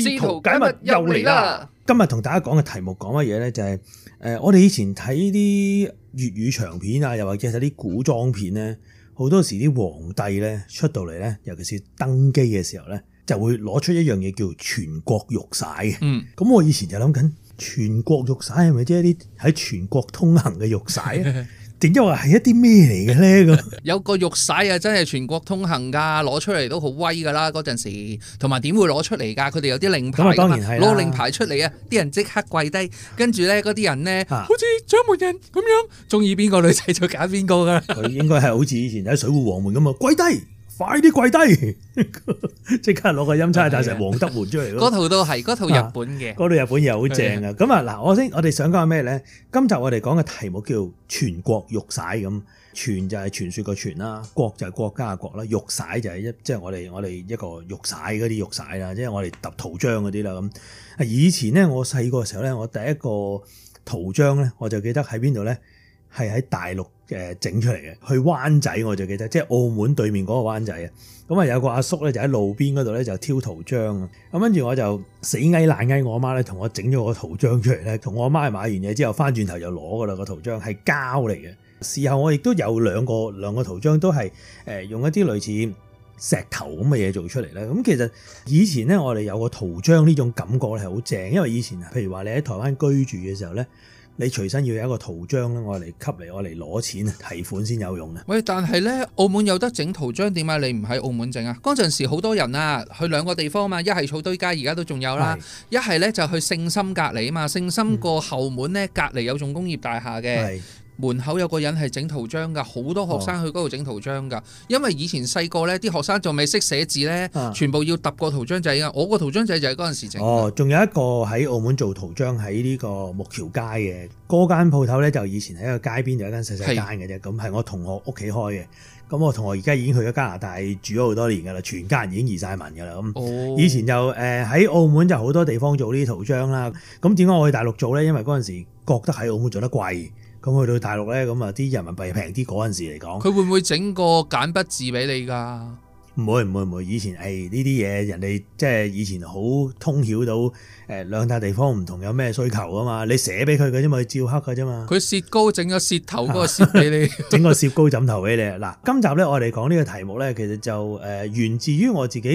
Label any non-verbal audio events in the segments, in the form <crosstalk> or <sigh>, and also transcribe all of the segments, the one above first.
試圖解密又嚟啦！今日同大家講嘅題目講乜嘢咧？就係誒，我哋以前睇啲粵語長片啊，又或者係啲古裝片咧，好多時啲皇帝咧出到嚟咧，尤其是登基嘅時候咧，就會攞出一樣嘢叫全國玉璽。嗯，咁我以前就諗緊，全國玉璽係咪即係啲喺全國通行嘅玉璽？ <laughs> 點解話係一啲咩嚟嘅咧？咁 <laughs> 有個玉玺啊，真係全國通行噶，攞出嚟都好威噶啦。嗰陣時，同埋點會攞出嚟噶？佢哋有啲令牌嘛？當然係啦！攞令牌出嚟啊！啲人即刻跪低，跟住咧嗰啲人咧，好似掌門人咁樣，中意邊個女仔就揀邊個噶。佢應該係好似以前喺水戶王門咁啊，跪低。快啲跪低！即 <laughs> 刻攞個欽差大臣黃德門出嚟咯。嗰套都係，嗰套日本嘅，嗰、啊、套日本嘢好正啊！咁啊嗱，我先我哋想講咩咧？今集我哋講嘅題目叫傳國玉璽。咁，傳就係傳説個傳啦，國就係國家嘅國啦，玉璽就係一即係我哋我哋一個玉璽嗰啲玉璽啦，即係我哋揼圖章嗰啲啦咁。以前咧，我細個嘅時候咧，我第一個圖章咧，我就記得喺邊度咧，係喺大陸。誒整出嚟嘅，去灣仔我就記得，即係澳門對面嗰個灣仔啊。咁啊有個阿叔咧，就喺路邊嗰度咧就挑圖章啊。咁跟住我就死嗌爛嗌我媽咧，同我整咗個圖章出嚟咧。同我媽買完嘢之後，翻轉頭就攞噶啦，個圖章係膠嚟嘅。事後我亦都有兩個兩個圖章，都係誒用一啲類似石頭咁嘅嘢做出嚟咧。咁其實以前咧，我哋有個圖章呢種感覺咧係好正，因為以前譬如話你喺台灣居住嘅時候咧。你隨身要有一個圖章咧，我嚟給你，我嚟攞錢提款先有用嘅。喂，但係呢，澳門有得整圖章，點解你唔喺澳門整啊？嗰陣時好多人啊，去兩個地方嘛，一係草堆街，而家都仲有啦，一係呢，就去聖心隔離啊嘛，聖心個後門呢，嗯、隔離有棟工業大廈嘅。門口有個人係整圖章噶，好多學生去嗰度整圖章噶、哦。因為以前細個咧，啲學生仲未識寫字咧、啊，全部要揼個圖章仔噶。我個圖章仔就係嗰陣時整嘅。哦，仲有一個喺澳門做圖章喺呢個木橋街嘅嗰間鋪頭咧，就以前喺個街邊有一間細細間嘅啫。咁係我同學屋企開嘅。咁我同學而家已經去咗加拿大住咗好多年噶啦，全家人已經移晒民噶啦。咁、哦、以前就喺澳門就好多地方做呢啲圖章啦。咁點解我去大陸做咧？因為嗰陣時覺得喺澳門做得貴。咁去到大陸咧，咁啊啲人民幣平啲嗰陣時嚟講，佢會唔會整個簡筆字俾你噶？唔會唔會唔會，以前係呢啲嘢，人哋即係以前好通曉到誒兩笪地方唔同有咩需求啊嘛，你寫俾佢嘅啫嘛，因為照黑㗎啫嘛。佢蝕高整個蝕頭個蝕俾你，整 <laughs> 個蝕高枕頭俾你。嗱， <laughs> 今集咧我哋講呢個題目咧，其實就源自於我自己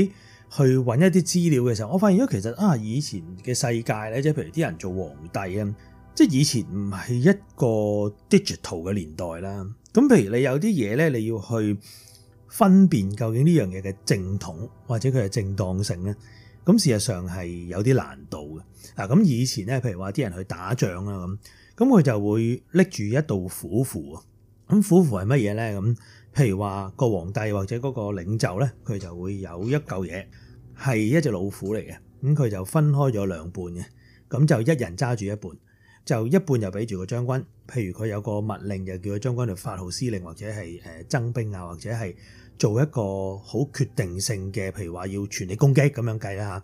去揾一啲資料嘅時候，我發現咗其實啊以前嘅世界咧，即係譬如啲人做皇帝啊。即係以前唔係一個 digital 嘅年代啦，咁譬如你有啲嘢咧，你要去分辨究竟呢樣嘢嘅正統或者佢嘅正當性咧，咁事實上係有啲難度嘅。嗱，咁以前咧，譬如話啲人去打仗啦咁，咁佢就會拎住一道虎符啊，咁虎符係乜嘢咧？咁譬如話個皇帝或者嗰個領袖咧，佢就會有一嚿嘢係一隻老虎嚟嘅，咁佢就分開咗兩半嘅，咁就一人揸住一半。就一半又俾住個將軍，譬如佢有個密令，就叫佢將軍去發號施令，或者係誒增兵啊，或者係做一個好決定性嘅，譬如話要全力攻擊咁樣計啦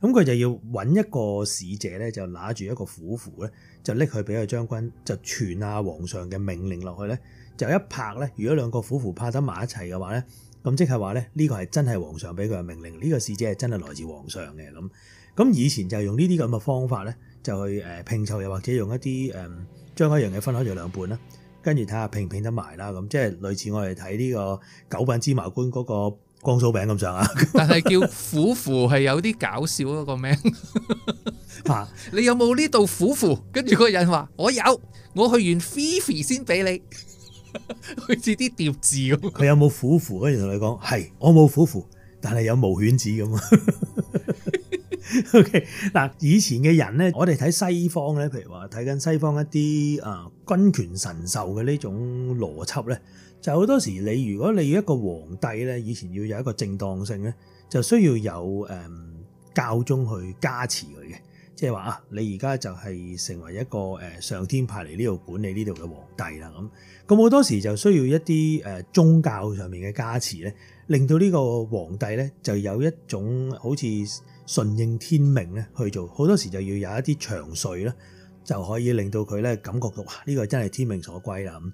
嚇。咁佢就要揾一個使者咧，就拿住一個虎符咧，就拎去俾佢將軍，就傳阿皇上嘅命令落去咧。就一拍咧，如果兩個虎符拍得埋一齊嘅話咧，咁即係話咧呢個係真係皇上俾佢嘅命令，呢個使者係真係來自皇上嘅咁。咁以前就用呢啲咁嘅方法咧。就去誒拼湊，又或者用一啲誒、嗯、將一樣嘢分開做兩半啦，跟住睇下拼唔拼得埋啦。咁即係類似我哋睇呢個九品芝麻官嗰個光酥餅咁上啊。但係叫虎符係有啲搞笑嗰個名。嗱、啊，你有冇呢度虎符？跟住個人話：我有，我去完菲菲先俾你。好似啲疊字咁。佢有冇虎符？跟住同你講：係，我冇虎符，但係有毛犬子咁啊。O.K. 嗱，以前嘅人咧，我哋睇西方咧，譬如話睇緊西方一啲啊君權神授嘅呢種邏輯咧，就好多時你如果你要一個皇帝咧，以前要有一個正當性咧，就需要有誒、嗯、教宗去加持佢嘅，即係話啊，你而家就係成為一個誒上天派嚟呢度管理呢度嘅皇帝啦咁，咁好多時就需要一啲誒宗教上面嘅加持咧，令到呢個皇帝咧就有一種好似。順應天命咧去做，好多時就要有一啲長睡啦，就可以令到佢咧感覺到哇呢、這個真係天命所歸啦咁。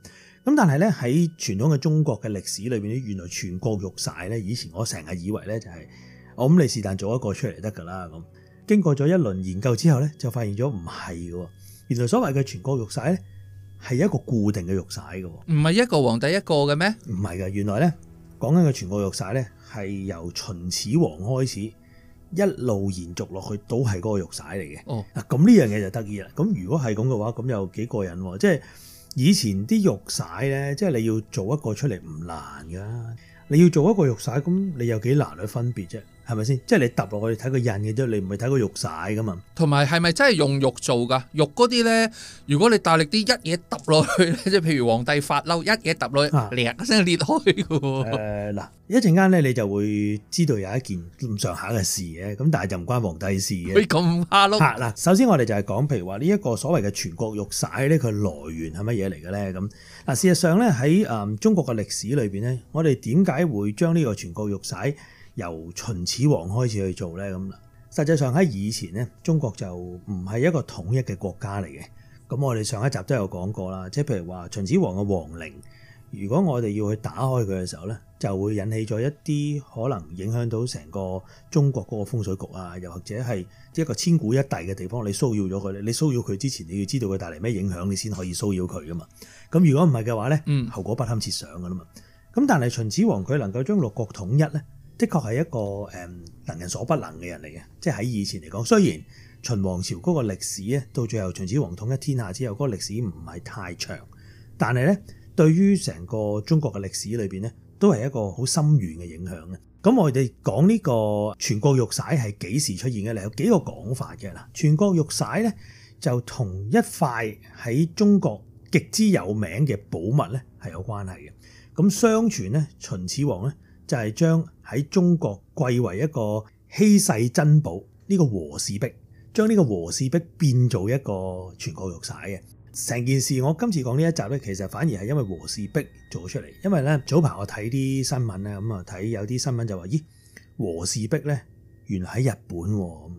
咁但係咧喺傳統嘅中國嘅歷史裏邊咧，原來傳國玉璽咧，以前我成日以為咧就係、是、我諗你是但做一個出嚟得噶啦咁。經過咗一輪研究之後咧，就發現咗唔係嘅，原來所謂嘅傳國玉璽咧係一個固定嘅玉璽嘅，唔係一個皇帝一個嘅咩？唔係噶，原來咧講緊嘅傳國玉璽咧係由秦始皇開始。一路延續落去都係嗰個玉璽嚟嘅，哦、啊，咁呢樣嘢就得意啦。咁如果係咁嘅話，咁又幾過癮、啊。即係以前啲玉璽咧，即係你要做一個出嚟唔難噶。你要做一個玉璽，咁你有幾難去分別啫？係咪先？即係你揼落去睇個印嘅啫，你唔會睇個玉璽噶嘛。同埋係咪真係用玉做噶？玉嗰啲咧，如果你大力啲一嘢揼落去咧，即係譬如皇帝發嬲一嘢揼落去，裂、啊，真係裂開嘅。誒、呃，嗱，一陣間咧，你就會知道有一件咁上下嘅事嘅，咁但係就唔關皇帝事嘅。喂，咁怕嬲。嗱、啊，首先我哋就係講，譬如話呢一個所謂嘅全國玉璽咧，佢來源係乜嘢嚟嘅咧？咁嗱，事實上咧喺誒中國嘅歷史裏邊咧，我哋點解會將呢個全國玉璽？由秦始皇開始去做呢。咁啦，實際上喺以前呢，中國就唔係一個統一嘅國家嚟嘅。咁我哋上一集都有講過啦，即係譬如話秦始皇嘅皇陵，如果我哋要去打開佢嘅時候呢，就會引起咗一啲可能影響到成個中國嗰個風水局啊，又或者係一個千古一帝嘅地方，你騷擾咗佢，你騷擾佢之前你要知道佢帶嚟咩影響，你先可以騷擾佢噶嘛。咁如果唔係嘅話呢，後果不堪設想噶啦嘛。咁、嗯、但係秦始皇佢能夠將六國統一呢。的確係一個誒能人所不能嘅人嚟嘅，即係喺以前嚟講，雖然秦王朝嗰個歷史咧到最後秦始皇統一天下之後，嗰個歷史唔係太長，但係咧對於成個中國嘅歷史裏邊咧，都係一個好深遠嘅影響嘅。咁我哋講呢個傳國玉璽係幾時出現嘅咧？有幾個講法嘅啦。傳國玉璽咧就同一塊喺中國極之有名嘅寶物咧係有關係嘅。咁相傳咧秦始皇咧，就係將喺中國貴為一個稀世珍寶呢個和氏璧，將呢個和氏璧變做一個全國玉璽嘅成件事。我今次講呢一集呢，其實反而係因為和氏璧做出嚟，因為呢，早排我睇啲新聞呢，咁啊睇有啲新聞就話，咦，和氏璧呢？原來喺日本喎，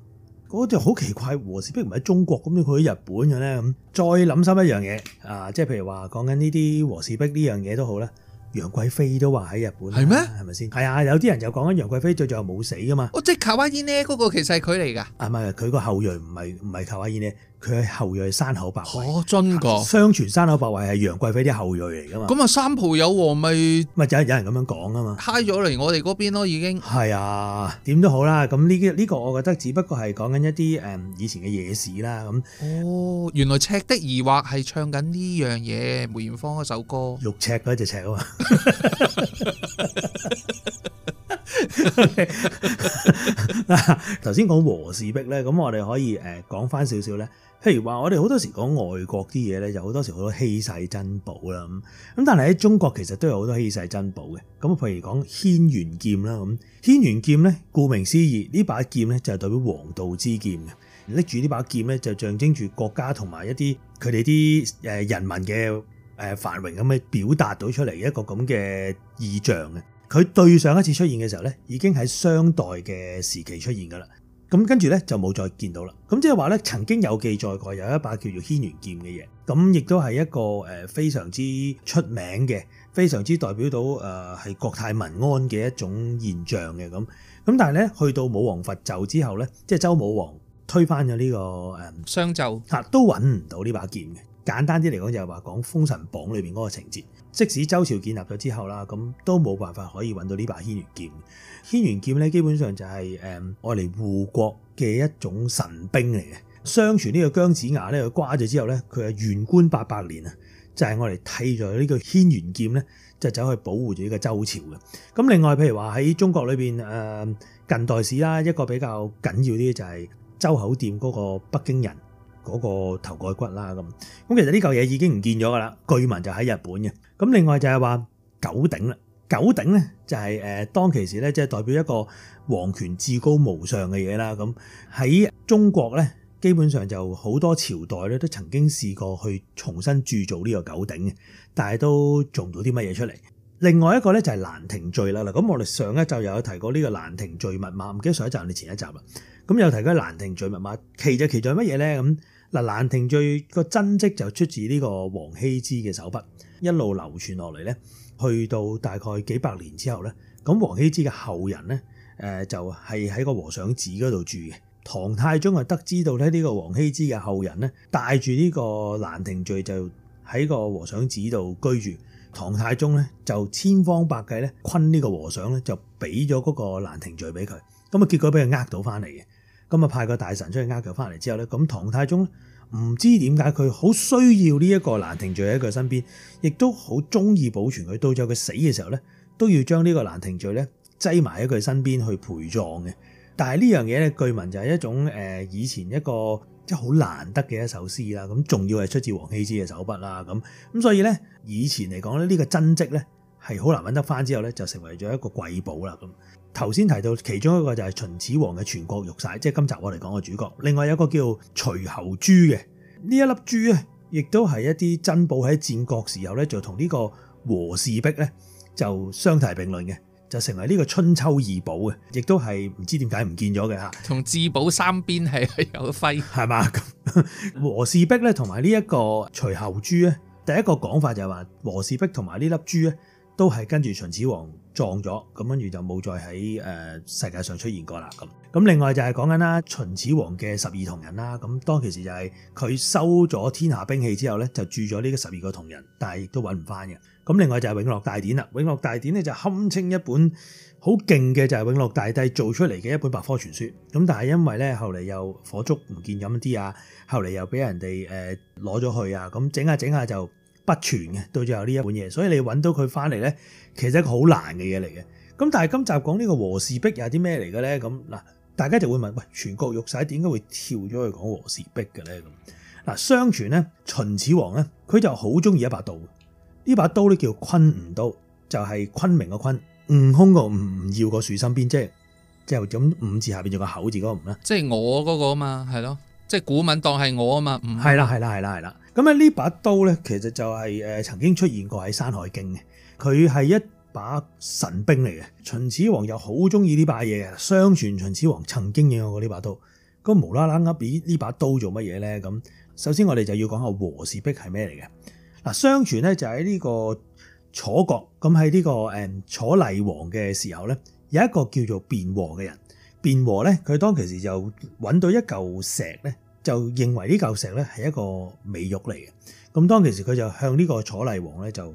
嗰就好奇怪，和氏璧唔係喺中國，咁佢喺日本嘅呢？咁。再諗深一樣嘢啊，即係譬如話講緊呢啲和氏璧呢樣嘢都好啦。楊貴妃都話喺日本係咩？係咪先？係啊，有啲人就講緊楊貴妃最最後冇死噶嘛。哦，即係卡哇伊呢？嗰個其實係佢嚟㗎。啊，唔係，佢個後裔唔係唔係卡哇伊呢？佢係後裔山口百惠，哦真噶，相傳山口百惠係楊貴妃啲後裔嚟噶嘛？咁啊，三浦友和咪咪有有人咁樣講啊嘛？太早嚟我哋嗰邊咯，已經係啊，點都好啦。咁呢啲呢個，我覺得只不過係講緊一啲誒以前嘅野史啦。咁哦，原來赤的疑惑係唱緊呢樣嘢，梅艷芳嗰首歌，玉赤嗰隻赤啊嘛。 <laughs> <laughs> 嗱， <laughs> <laughs> 頭先講和氏璧咧，咁我哋可以誒講翻少少咧。譬如話我哋好多時講外國啲嘢咧，就好多時好多稀世珍寶啦。咁咁但係喺中國其實都有好多稀世珍寶嘅。咁譬如講軒轅劍啦，咁軒轅劍咧，顧名思義呢把劍咧就係代表黃道之劍嘅。拎住呢把劍咧就象徵住國家同埋一啲佢哋啲誒人民嘅誒繁榮咁嘅表達到出嚟一個咁嘅意象嘅。佢對上一次出現嘅時候呢，已經喺商代嘅時期出現噶啦。咁跟住呢，就冇再見到啦。咁即係話呢，曾經有記載過有一把叫做軒轅劍嘅嘢，咁亦都係一個誒非常之出名嘅，非常之代表到誒係國泰民安嘅一種現象嘅咁。咁但係呢，去到武王伐紂之後呢，即係周武王推翻咗呢、呢個誒商紂，都揾唔到呢把劍嘅。簡單啲嚟講，就係話講《封神榜》裏面嗰個情節。即使周朝建立咗之後啦，咁都冇辦法可以揾到呢把軒轅劍。軒轅劍咧基本上就係誒愛嚟護國嘅一種神兵嚟嘅。相傳呢個姜子牙咧掛咗之後咧，佢係元官八百年啊，就係我嚟替咗呢個軒轅劍咧，就走去保護住呢個周朝嘅。咁另外譬如話喺中國裏邊誒近代史啦，一個比較緊要啲就係周口店嗰個北京人。嗰、那個頭蓋骨啦，咁咁其實呢嚿嘢已經唔見咗噶啦，據聞就喺日本嘅。咁另外就係話九鼎啦，九鼎咧就係、是、誒當其時咧，即係代表一個皇權至高無上嘅嘢啦。咁喺中國咧，基本上就好多朝代咧都曾經試過去重新鑄造呢個九鼎嘅，但係都做唔到啲乜嘢出嚟。另外一個咧就係蘭亭序啦。嗱，咁我哋上一集又有提過呢個蘭亭序密碼，唔記得上一集定前一集啦。咁又提過呢個蘭亭序密碼，奇就奇在乜嘢咧？咁嗱，《蘭亭序》個真跡就出自呢個王羲之嘅手筆，一路流傳落嚟咧，去到大概幾百年之後咧，咁王羲之嘅後人咧，誒就係喺個和尚寺嗰度住嘅。唐太宗啊，得知到咧呢個王羲之嘅後人咧，帶住呢個《蘭亭序》就喺個和尚寺度居住。唐太宗咧就千方百計咧，昆呢個和尚咧，就俾咗嗰個給他《蘭亭序》俾佢，咁啊結果俾佢呃到翻嚟嘅，咁啊派個大臣出去呃佢翻嚟之後咧，咁唐太宗咧。唔知點解佢好需要呢一個蘭亭序喺佢身邊，亦都好中意保存佢。到咗佢死嘅時候咧，都要將呢個蘭亭序咧，擠埋喺佢身邊去陪葬嘅。但係呢樣嘢咧，據聞就係一種誒、呃，以前一個即係好難得嘅一首詩啦。咁重要係出自王羲之嘅手筆啦。咁咁所以咧，以前嚟講咧，呢、這個真跡咧係好難揾得翻，之後咧就成為咗一個貴寶啦。咁。頭先提到其中一個就係秦始皇嘅傳國玉璽，即係今集我嚟講嘅主角。另外有個叫隨侯珠嘅呢一粒珠啊，亦都係一啲珍寶喺戰國時候咧，就同呢個和氏璧咧就相提並論嘅，就成為呢個春秋二寶嘅，亦都係唔知點解唔見咗嘅吓。同治寶三邊係有輝，係嘛？和氏璧咧，同埋呢一個隨侯珠咧，第一個講法就係話和氏璧同埋呢粒珠咧，都係跟住秦始皇。撞咗，咁跟住就冇再喺誒世界上出現過啦。咁咁另外就係講緊啦，秦始皇嘅十二銅人啦。咁當其時就係佢收咗天下兵器之後咧，就鑄咗呢個十二個銅人，但係亦都揾唔返嘅。咁另外就係永樂大典啦。永樂大典咧就堪稱一本好勁嘅，就係永樂大帝做出嚟嘅一本百科全書。咁但係因為咧後嚟又火燭唔見咁啲啊，後嚟又俾人哋誒攞咗去啊，咁整下整下就。不全嘅，到最後呢一本嘢，所以你揾到佢翻嚟咧，其實係一個好難嘅嘢嚟嘅。咁但係今集講呢個和氏璧又係啲咩嚟嘅咧？咁嗱，大家就會問：喂，傳國玉璽點解會跳咗去講和氏璧嘅咧？咁嗱，相傳咧，秦始皇咧，佢就好中意一把刀，呢把刀咧叫昆吾刀，就係、是、昆明嘅昆，悟空個悟唔要個豎心邊，即係即係咁五字下邊有個口字嗰個吾啦，即係我嗰個啊嘛，係咯，即係古文當係我啊嘛，唔係啦，係啦，係啦，係啦。咁咧呢把刀咧，其實就係誒曾經出現過喺《山海經》嘅，佢係一把神兵嚟嘅。秦始皇又好中意呢把嘢嘅，相傳秦始皇曾經擁有過呢把刀。咁無啦啦呃俾呢把刀做乜嘢咧？咁首先我哋就要講下和氏璧係咩嚟嘅。嗱，相傳咧就喺呢個楚國，咁喺呢個誒楚厲王嘅時候咧，有一個叫做卞和嘅人。卞和咧，佢當其時就揾到一嚿石咧。就認為呢嚿石咧係一個美玉嚟嘅，咁當其時佢就向呢個楚厲王咧就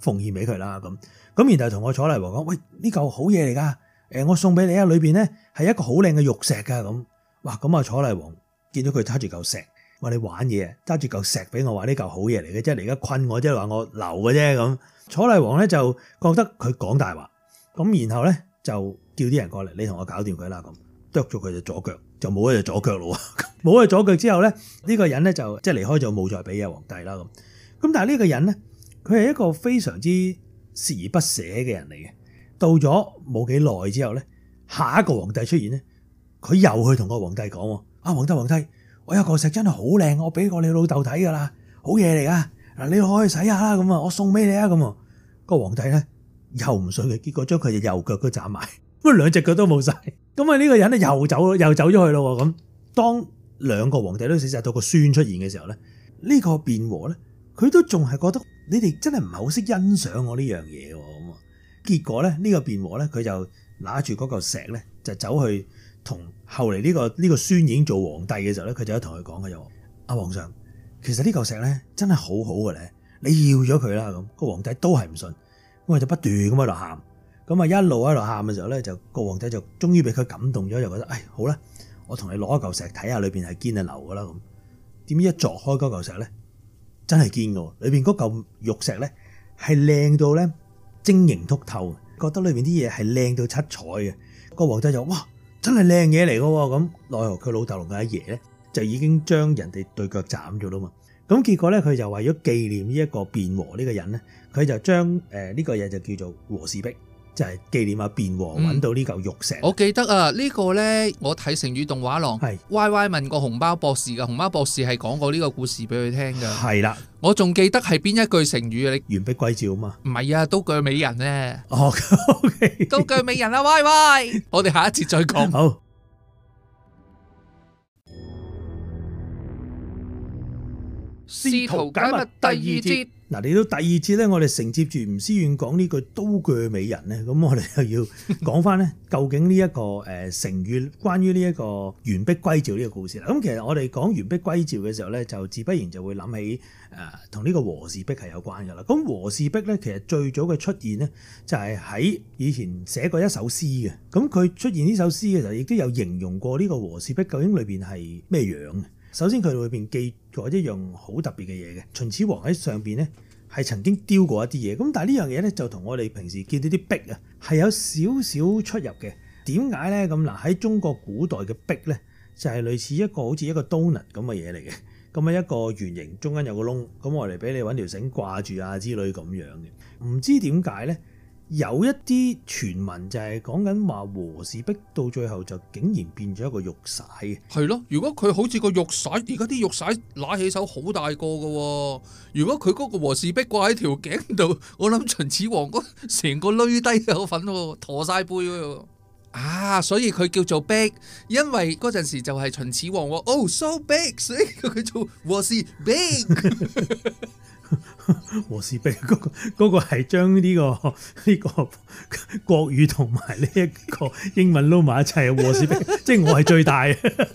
奉獻俾佢啦，咁咁然後同個楚厲王講：，喂，呢嚿好嘢嚟㗎，誒，我送俾你啊，裏面咧係一個好靚嘅玉石㗎，咁，哇，咁啊楚厲王見到佢揸住嚿石，話你玩嘢，揸住嚿石俾我，話呢嚿好嘢嚟嘅，即係你而家困我，即係話我流嘅啫，咁楚厲王咧就覺得佢講大話，咁然後咧就叫啲人過嚟，你同我搞掂佢啦，咁。剁咗佢隻左腳，就冇一隻左腳咯。冇咗左腳之後咧，呢、呢個人咧就即係離開就冇再俾阿皇帝啦。咁咁但係呢個人咧，佢係一個非常之鍥而不捨嘅人嚟嘅。到咗冇幾耐之後咧，下一個皇帝出現咧，佢又去同個皇帝講：，啊皇帝皇帝，我有個石真係好靚，我俾過你老豆睇噶啦，好嘢嚟噶。嗱，你可以洗下啦，咁啊，我送俾你啊，咁啊。個皇帝咧又唔信嘅，結果將佢隻右腳都斬埋，咁兩隻腳都冇晒。咁啊！呢個人咧又走，又走咗去咯。咁當兩個皇帝都死晒到個孫出現嘅時候咧，呢個卞和咧，佢都仲係覺得你哋真係唔係好識欣賞我呢樣嘢喎。咁結果咧呢個卞和咧，佢就拿住嗰嚿石咧，就走去同後嚟呢個呢個孫已經做皇帝嘅時候咧，佢就同佢講嘅就，阿皇上，其實呢嚿石咧真係好好嘅咧，你要咗佢啦。咁個皇帝都係唔信，咁佢就不斷咁喺度喊。咁啊！一路喺度喊嘅時候咧，就個皇帝就終於俾佢感動咗，就覺得唉，好啦，我同你攞一嚿石睇下裏邊係堅定流噶啦。咁點知一鑿開嗰嚿石咧，真係堅喎。裏邊嗰嚿玉石咧係靚到咧晶瑩剔透，覺得裏邊啲嘢係靚到七彩嘅。個皇帝就哇，真係靚嘢嚟噶，咁奈何佢老豆同佢阿爺咧就已經將人哋對腳斬咗啦嘛。咁結果咧，佢就為咗紀念呢一個卞和呢個人咧，佢就將誒呢個嘢就叫做和氏璧。就係、是、紀念下卞和揾到呢嚿玉石，我記得啊呢、這個咧，我睇成語動畫廊係 yy 問過熊貓博士嘅，熊貓博士係講過呢個故事俾佢聽嘅，係啦，我仲記得係邊一句成語啊？你完璧歸趙啊嘛，唔係啊，都句美人咧，哦，OK，都句美人啊，yy <laughs> 我哋下一節再講，好，試圖解密第二節。嗱，嚟到第二節咧，我哋承接住吳思遠講呢句刀鋸美人咧，咁我哋又要講翻咧，究竟呢一個誒成語關於呢一個完璧歸趙呢個故事啦。咁其實我哋講完璧歸趙嘅時候咧，就自不然就會諗起誒同呢個和氏璧係有關嘅啦。咁和氏璧咧，其實最早嘅出現咧，就係喺以前寫過一首詩嘅。咁佢出現呢首詩嘅時候，亦都有形容過呢個和氏璧究竟裏面係咩樣嘅。首先佢裏邊記咗一樣好特別嘅嘢嘅，秦始皇喺上邊咧係曾經雕過一啲嘢，咁但係呢樣嘢咧就同我哋平時見到啲壁啊係有少少出入嘅，點解咧？咁嗱喺中國古代嘅壁咧就係類似一個好似一個冬甩咁嘅嘢嚟嘅，咁樣一個圓形中間有個窿，咁我嚟俾你揾條繩掛住啊之類咁樣嘅，唔知點解咧？有一啲傳聞就係講緊話和氏璧到最後就竟然變咗一個玉璽，係咯。如果佢好似個玉璽，而家啲玉璽拿起手好大個嘅喎。如果佢嗰個和氏璧掛喺條頸度，我諗秦始皇嗰、那、成個攣低有份喎，陀晒背喎。啊，所以佢叫做 Big，因為嗰陣時就係秦始皇喎。Oh so big，所以佢叫做和氏 Big。 <laughs> <laughs> 和氏璧嗰個嗰、嗰個係將呢個呢、呢個國語同埋呢一個英文撈埋一齊，和氏璧 <laughs> 即係我係最大。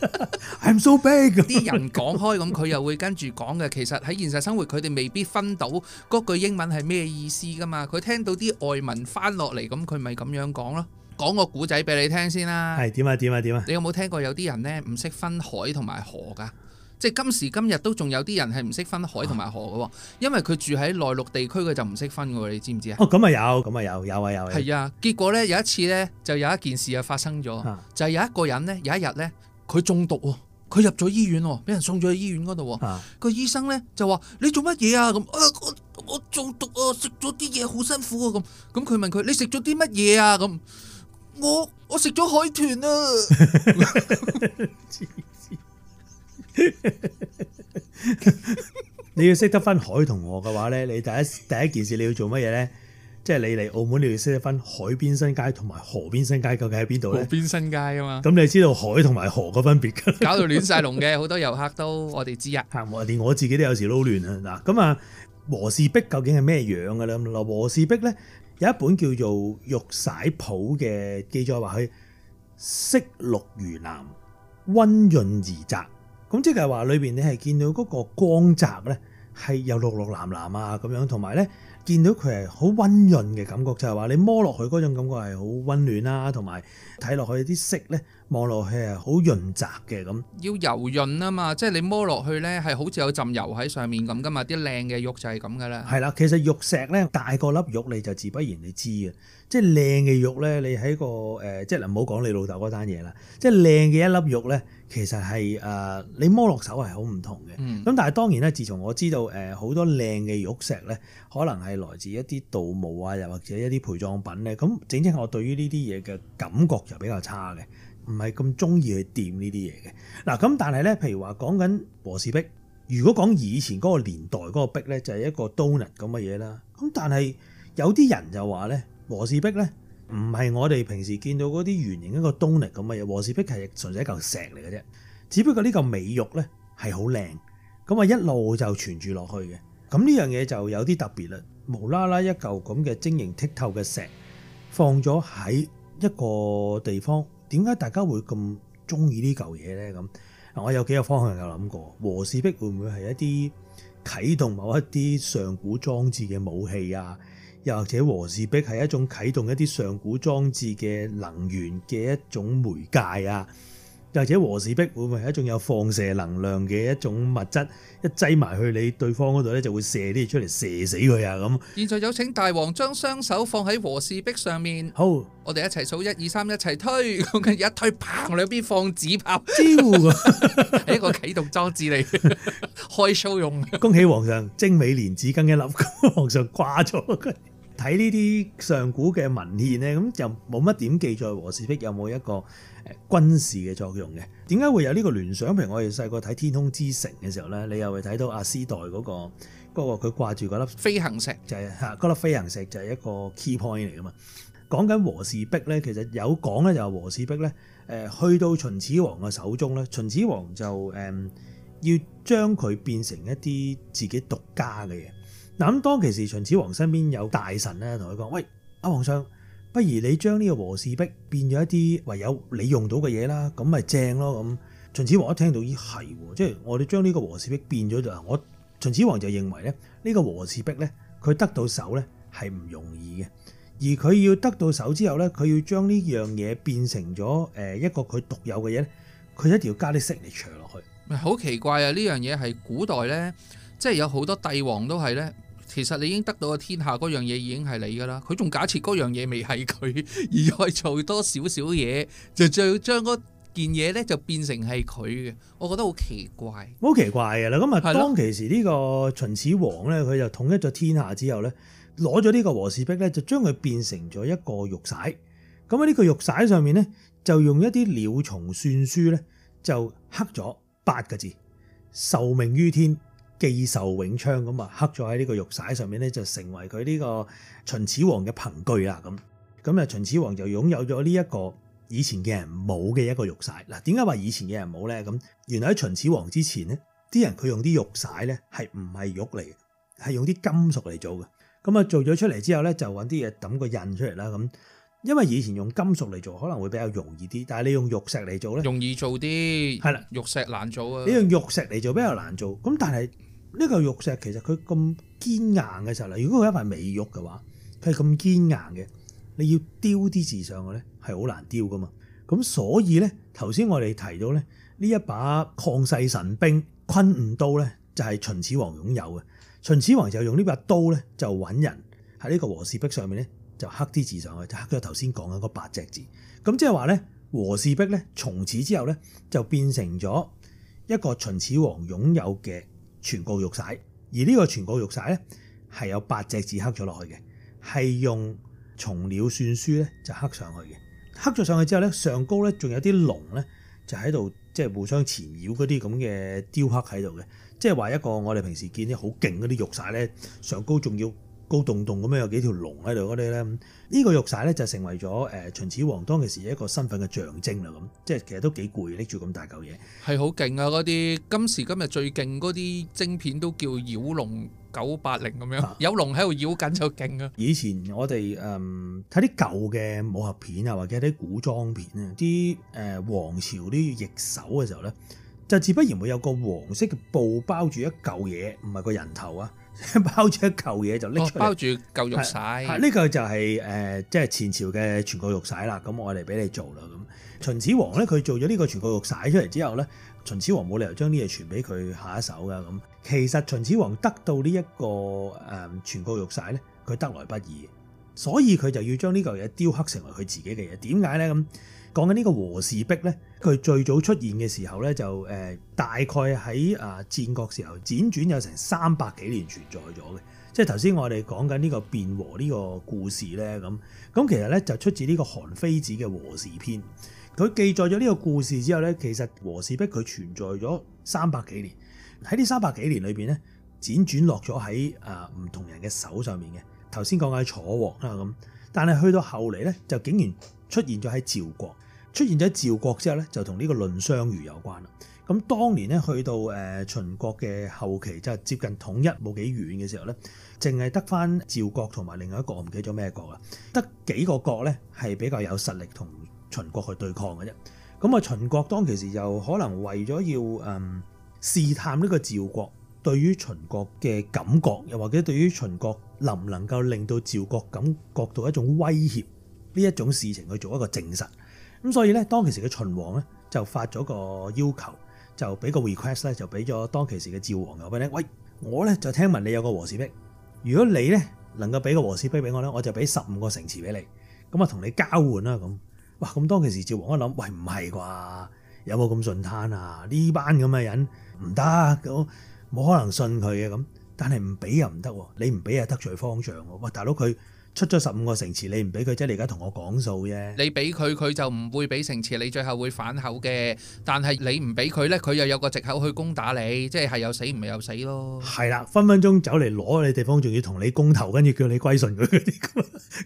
<laughs> I'm so big。啲人講開咁，佢又會跟住講嘅。其實喺現實生活，佢哋未必分到嗰句英文係咩意思噶嘛。佢聽到啲外文翻落嚟，咁佢咪咁樣講咯。講個古仔俾你聽先啦。係點啊？點啊？點啊？你有冇聽過有啲人呢？唔識分海同埋河噶？即係今時今日都仲有啲人係唔識分海同埋河嘅喎、啊，因為佢住喺內陸地區，佢就唔識分嘅喎，你知唔知啊？哦，咁啊有，咁啊有，有啊有啊。係啊，結果咧有一次咧，就有一件事又發生咗、啊，就係、是、有一個人咧，有一日咧，佢中毒喎，佢入咗醫院喎，俾人送咗去醫院嗰度喎，個、啊、醫生咧就話：你做乜嘢啊？咁、啊、我，我中毒啊，食咗啲嘢好辛苦啊，咁咁佢問佢：你食咗啲乜嘢啊？咁我我食咗海豚啊！ <laughs> <laughs> <laughs> 你要識得分海同河嘅話咧，你第一第一件事你要做乜嘢咧？即係你嚟澳門，你要識得分海邊新街同埋河邊新街究竟喺邊度咧？河邊新街啊嘛，咁你知道海同埋河個分別噶，搞到亂晒龍嘅好多遊客都我哋知啊。吓，我連我自己都有時撈亂啊嗱。咁啊，和氏璧究竟係咩樣嘅咧？嗱，和氏璧咧有一本叫做《玉璽譜》嘅記載，話佢色綠如藍，溫潤而澤。咁即係話裏邊你係見到嗰個光澤咧，係有綠綠藍藍啊咁樣，同埋咧見到佢係好温潤嘅感覺，就係話你摸落去嗰種感覺係好温暖啦，同埋睇落去啲色咧望落去係好潤澤嘅咁。要油潤啊嘛，即係你摸落去咧係好似有浸油喺上面咁噶嘛，啲靚嘅玉就係咁噶啦。係啦，其實玉石咧大個粒玉你就自不然你知嘅，即係靚嘅玉咧，你喺個誒即係唔好講你老豆嗰單嘢啦，即係靚嘅一粒玉咧。其實係誒，你摸落手係好唔同嘅。咁、嗯、但係當然咧，自從我知道誒好多靚嘅玉石咧，可能係來自一啲盜墓啊，又或者一啲陪葬品咧，咁整隻我對於呢啲嘢嘅感覺就比較差嘅，唔係咁中意去掂呢啲嘢嘅。嗱，咁但係咧，譬如話講緊和氏璧，如果講以前嗰個年代嗰個璧咧，就係一個刀刃咁嘅嘢啦。咁但係有啲人就話咧，和氏璧咧。唔係我哋平時見到嗰啲圓形一個窿咁噶嘛，和氏璧係純粹一嚿石嚟嘅啫。只不過呢嚿美玉咧，係好靚，咁啊一路就存住落去嘅。咁呢樣嘢就有啲特別啦。無啦啦一嚿咁嘅晶瑩剔透嘅石放咗喺一個地方，點解大家會咁中意呢嚿嘢咧？咁我有幾個方向有諗過，和氏璧會唔會係一啲啟動某一啲上古裝置嘅武器啊？又或者和氏璧係一種啟動一啲上古裝置嘅能源嘅一種媒介啊，又或者和氏璧會唔會係一種有放射能量嘅一種物質？一擠埋去你對方嗰度咧，就會射啲嘢出嚟，射死佢啊咁。現在有請大王將雙手放喺和氏璧上面。好，我哋一齊數 1, 2, 3, 一二三，一齊推，咁一推，砰！兩邊放紙炮，係 <laughs> <laughs> 一個啟動裝置嚟， <laughs> 開 show 用的。恭喜皇上，精美連紙巾一粒，皇上掛咗佢睇呢啲上古嘅文獻咧，咁就冇乜點記載和氏璧有冇一個誒軍事嘅作用嘅？點解會有呢個聯想？譬如我哋細個睇《天空之城》嘅時候咧，你又會睇到阿斯代嗰個嗰個佢掛住嗰粒飛行石，就係嚇嗰粒飛行石就係一個 key point 嚟噶嘛。講緊和氏璧咧，其實有講咧就係和氏璧咧，誒去到秦始皇嘅手中咧，秦始皇就誒、嗯、要將佢變成一啲自己獨家嘅嘢。嗱咁，當其時秦始皇身邊有大臣咧，同佢講：「喂，阿皇上，不如你將呢個和氏璧變咗一啲唯有你用到嘅嘢啦，咁咪正咯。咁秦始皇一聽到，咦，係喎，即係我哋將呢個和氏璧變咗就，我秦始皇就係認為咧，呢個和氏璧咧，佢得到手咧係唔容易嘅，而佢要得到手之後咧，佢要將呢樣嘢變成咗誒一個佢獨有嘅嘢咧，佢一定要加啲色嚟除落去。好奇怪啊！呢樣嘢係古代咧，即係有好多帝王都係咧。其實你已經得到個天下嗰樣嘢，已經係你噶啦，佢仲假設嗰樣嘢未係佢，而再做多少少嘢，就將將嗰件嘢咧就變成係佢嘅，我覺得好奇怪，好奇怪嘅啦。咁啊，當其時呢個秦始皇咧，佢就統一咗天下之後咧，攞咗呢個和氏璧咧，就將佢變成咗一個玉璽。咁喺呢個玉璽上面咧，就用一啲鳥蟲篆書咧，就刻咗八個字：受命於天。既壽永昌。咁啊，刻咗喺呢個玉璽上面咧，就成為佢呢個秦始皇嘅憑據啦。咁咁啊，秦始皇就擁有咗呢一個以前嘅人冇嘅一個玉璽。嗱，點解話以前嘅人冇咧？咁原來喺秦始皇之前咧，啲人佢用啲玉璽咧，係唔係玉嚟？係用啲金屬嚟做嘅。咁啊，做咗出嚟之後咧，就揾啲嘢抌個印出嚟啦。咁因為以前用金屬嚟做可能會比較容易啲，但係你用玉石嚟做咧，容易做啲。係啦，玉石難做啊。你用玉石嚟做比較難做，咁但係。呢嚿玉石其實佢咁堅硬嘅時候咧，如果佢一塊美玉嘅話，佢係咁堅硬嘅，你要雕啲字上去咧，係好難雕噶嘛。咁所以咧，頭先我哋提到咧，呢一把曠世神兵昆吾刀咧，就係、是、秦始皇擁有嘅。秦始皇就用呢把刀咧，就揾人喺呢個和氏璧上面咧，就刻啲字上去，就刻咗頭先講嘅嗰八隻字。咁即係話咧，和氏璧咧，從此之後咧，就變成咗一個秦始皇擁有嘅傳國玉璽，而呢個傳國玉璽咧，係有八隻字刻咗落去嘅，係用蟲鳥篆書咧就刻上去嘅。刻咗上去之後咧，上高咧仲有啲龍咧就喺度即係互相纏繞嗰啲咁嘅雕刻喺度嘅，即係話一個我哋平時見啲好勁嗰啲玉璽咧，上高仲要。高洞洞咁樣有幾條龍喺度嗰啲咧，呢個玉璽咧就成為咗誒、呃、秦始皇當其時一個身份嘅象徵啦咁，即係其實都幾攰拎住咁大嚿嘢。係好勁啊！嗰啲今時今日最勁嗰啲晶片都叫驍龍九八零咁樣，啊，有龍喺度繞緊就勁啊！以前我哋誒睇啲舊嘅武俠片啊，或者啲古裝片啊，啲誒皇朝啲易手嘅時候咧，就自不然會有個黃色嘅布包住一嚿嘢，唔係個人頭啊。 <laughs> 包住一嚿嘢就拎出嚟，包住嚿玉璽。呢嚿就係誒，即係前朝嘅傳國玉璽啦。咁我嚟俾你做啦。咁秦始皇咧，佢做咗呢個傳國玉璽出嚟之後咧，秦始皇冇理由將呢嘢傳俾佢下一手噶。咁其實秦始皇得到呢一個誒傳國玉璽咧，佢得來不易，所以佢就要將呢嚿嘢雕刻成為佢自己嘅嘢。點解咧咁？講緊呢個和氏璧咧，佢最早出現嘅時候咧，就誒大概喺啊戰國時候，輾轉有成三百幾年存在咗嘅。即係頭先我哋講緊呢個卞和呢個故事咧，咁咁其實咧就出自呢個韓非子嘅和氏篇。佢記載咗呢個故事之後咧，其實和氏璧佢存在咗三百幾年。喺呢三百幾年裏邊咧，輾轉落咗喺啊唔同人嘅手上面嘅。頭先講緊楚王啦，咁，但係去到後嚟咧，就竟然出現咗喺趙國。出現咗喺趙國之後咧，就同呢個藺相如有關啦。咁當年咧去到誒秦國嘅後期，即係接近統一冇幾遠嘅時候咧，淨係得返趙國同埋另外一個我唔記咗咩國啦，得幾個國咧係比較有實力同秦國去對抗嘅啫。咁啊，秦國當其時就可能為咗要誒、嗯、試探呢個趙國對於秦國嘅感覺，又或者對於秦國能唔能夠令到趙國感覺到一種威脅呢一種事情去做一個證實。咁所以咧，當其時嘅秦王咧就發咗個要求，就俾個 request 咧，就俾咗當其時嘅趙王嘅，我俾你喂，我咧就聽聞你有個和氏璧，如果你咧能夠俾個和氏璧俾我咧，我就俾十五個城池俾你，咁啊同你交換啦咁。哇，咁當其時趙王一諗，喂唔係啩？有冇咁順攤啊？呢班咁嘅人唔得，咁冇可能信佢嘅咁。但係唔俾又唔得喎，你唔俾啊得罪方丈喎。哇。大佬佢。出咗十五個城池，你唔俾佢啫？即係你而家同我講數啫。你俾佢，佢就唔會俾城池，你最後會反口嘅。但係你唔俾佢咧，佢又有個藉口去攻打你，即係係又死唔係又死咯。係啦，分分鐘走嚟攞你地方，仲要同你攻頭，跟住叫你歸順佢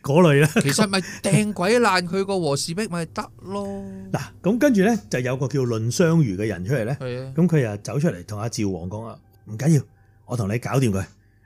嗰類咧。其實咪掟鬼爛佢個和氏璧咪得咯。嗱，咁跟住咧就有個叫藺相如嘅人出嚟咧，咁佢又走出嚟同阿趙王講啊，唔緊要，我同你搞掂佢。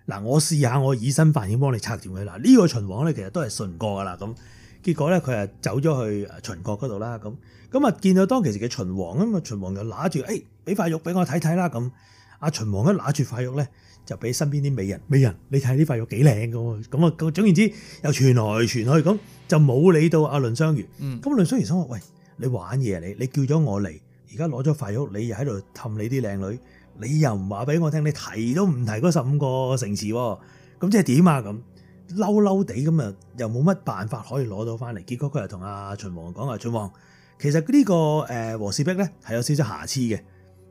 嗱，我試下我以身犯險幫你拆掂佢。嗱，呢個秦王咧，其實都係信過噶啦咁，結果咧，佢係走咗去了秦國嗰度啦咁，咁啊見到當其時嘅秦王，咁啊秦王就拿住，誒俾塊玉俾我睇睇啦咁，阿秦王一拿住塊玉咧，就俾身邊啲美人，美人，你睇呢塊玉幾靚嘅喎，咁啊總言之又傳來傳去咁就冇理到阿藺相如，咁藺相如想話：喂，你玩嘢你，你叫咗我嚟，而家攞咗塊玉，你又喺度氹你啲靚女。你又唔話俾我聽，你提都唔提嗰十五個城市喎，咁即係點啊？咁嬲嬲地咁啊，又冇乜辦法可以攞到翻嚟。結果佢又同阿秦王講啊，秦王其實個士呢個誒和氏璧咧係有少少瑕疵嘅。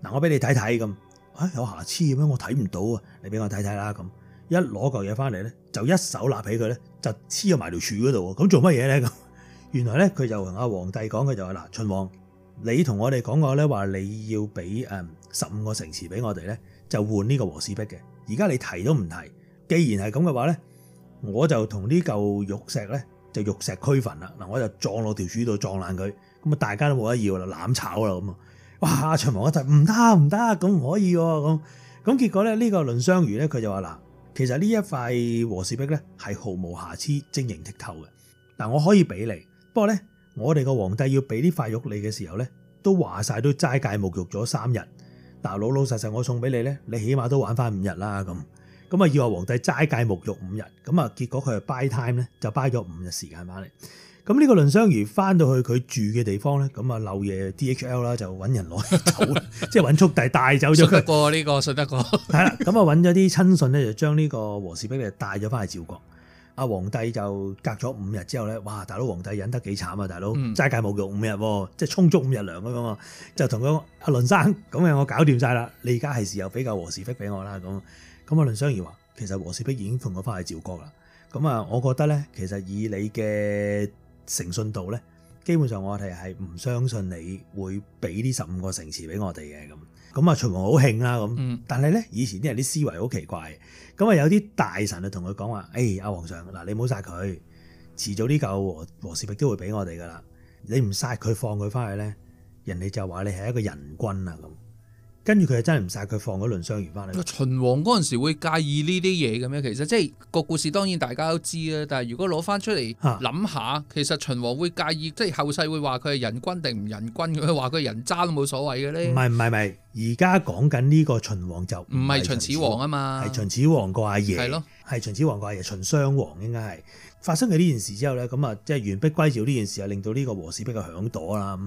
嗱，我俾你睇睇咁，啊、哎、有瑕疵咁我睇唔到啊，你俾我睇睇啦咁。一攞嚿嘢翻嚟咧，就一手攬起佢咧，就黐咗埋條柱嗰度。咁做乜嘢咧？咁原來咧佢就同阿皇帝講嘅就係嗱，秦王。你同我哋講過咧，話你要俾十五個城池俾我哋咧，就換呢個和氏璧嘅。而家你提都唔提，既然係咁嘅話咧，我就同呢嚿玉石咧就玉石俱焚啦。嗱，我就撞落條柱度撞爛佢，咁啊大家都冇得要啦，攬炒啦咁啊！哇，秦王一睇唔得唔得，咁唔可以咁咁，結果咧呢個藺相如咧佢就話嗱，其實呢一塊和氏璧咧係毫無瑕疵、晶瑩剔透嘅，嗱，我可以俾你，不過咧。我哋個皇帝要俾啲塊玉你嘅時候咧，都話晒都齋戒沐浴咗三日，但老老實實我送俾你咧，你起碼都玩翻五日啦咁。咁啊，要話皇帝齋戒沐浴五日，咁啊結果佢係 buy time 咧，就 buy 咗五日時間翻嚟。咁呢個藺相如翻到去佢住嘅地方咧，咁啊漏夜 DHL 啦，就揾人攞走， <laughs> 即係揾速遞帶走咗佢。信得過呢個，信得過。係啦，咁啊揾咗啲親信咧，就將呢個和氏璧咧帶咗翻去趙國。阿皇帝就隔咗五日之後咧，哇！大佬皇帝忍得幾慘啊！大佬齋戒冇用五日，即係充足五日糧咁啊，就同佢、嗯、阿倫生咁嘅我搞掂晒啦。你而家係時候俾個和氏璧俾我啦。咁咁阿倫商宜話：其實和氏璧已經送咗翻去趙國啦。咁啊，我覺得咧，其實以你嘅誠信度咧，基本上我哋係唔相信你會俾呢十五個城池俾我哋嘅咁。咁啊，秦王好慶啦咁，但係咧以前啲人啲思維好奇怪，咁啊有啲大臣就同佢講話：誒、哎、阿皇上，嗱你唔好殺佢，遲早呢嚿和和氏璧都會俾我哋噶啦，你唔殺佢放佢翻去咧，人哋就話你係一個人君啊咁。跟住佢就真係唔殺，佢放咗輪商賢翻嚟。秦王嗰陣時會介意呢啲嘢嘅咩？其實即係個故事當然大家都知啦。但係如果攞翻出嚟諗下，啊、其實秦王會介意，即係後世會話佢係仁君定唔仁君，佢話佢人渣都冇所謂嘅咧。唔係唔係唔係，而家講緊呢個秦王就唔係秦，秦始皇啊嘛，係秦始皇個阿爺。係咯的，係秦始皇個阿爺，秦襄王應該係發生咗呢件事之後咧，咁啊即係完璧歸趙呢件事啊，令到呢個和氏璧嘅響躲啦。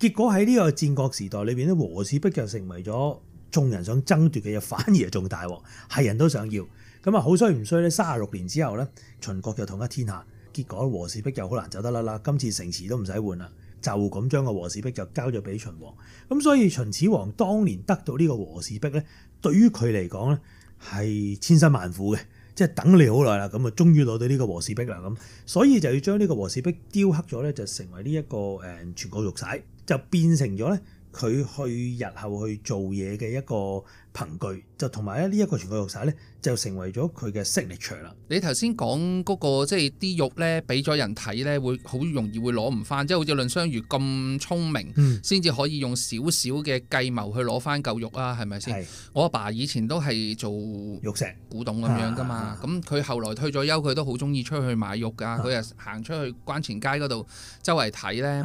結果喺呢個戰國時代裏邊，呢和氏璧就成為咗眾人想爭奪嘅嘢，反而係仲大鑊，係人都想要。咁啊，好衰唔衰咧？三十六年之後咧，秦國就統一天下，結果和氏璧就好難走得甩啦。今次城池都唔使換啦，就咁將個和氏璧就交咗俾秦王。咁所以秦始皇當年得到呢個和氏璧咧，對於佢嚟講咧係千辛萬苦嘅，即係等你好耐啦，咁啊，終於攞到呢個和氏璧啦咁，所以就要將呢個和氏璧雕刻咗咧，就成為呢一個誒傳國玉璽。就變成咗咧，佢去日後去做嘢嘅一個憑據，就同埋咧呢一個傳國玉璽咧，就成為咗佢嘅吸力場啦。你頭先講嗰個即係啲玉呢，俾咗人睇呢，會好容易會攞唔翻，即係好似藺相如咁聰明，先至、嗯、可以用少少嘅計謀去攞翻嚿玉啊，係咪先？是我阿爸，爸以前都係做玉石古董咁樣噶嘛，咁佢、啊啊、後來退咗休，佢都好中意出去買玉噶，佢又行出去關前街嗰度周圍睇呢，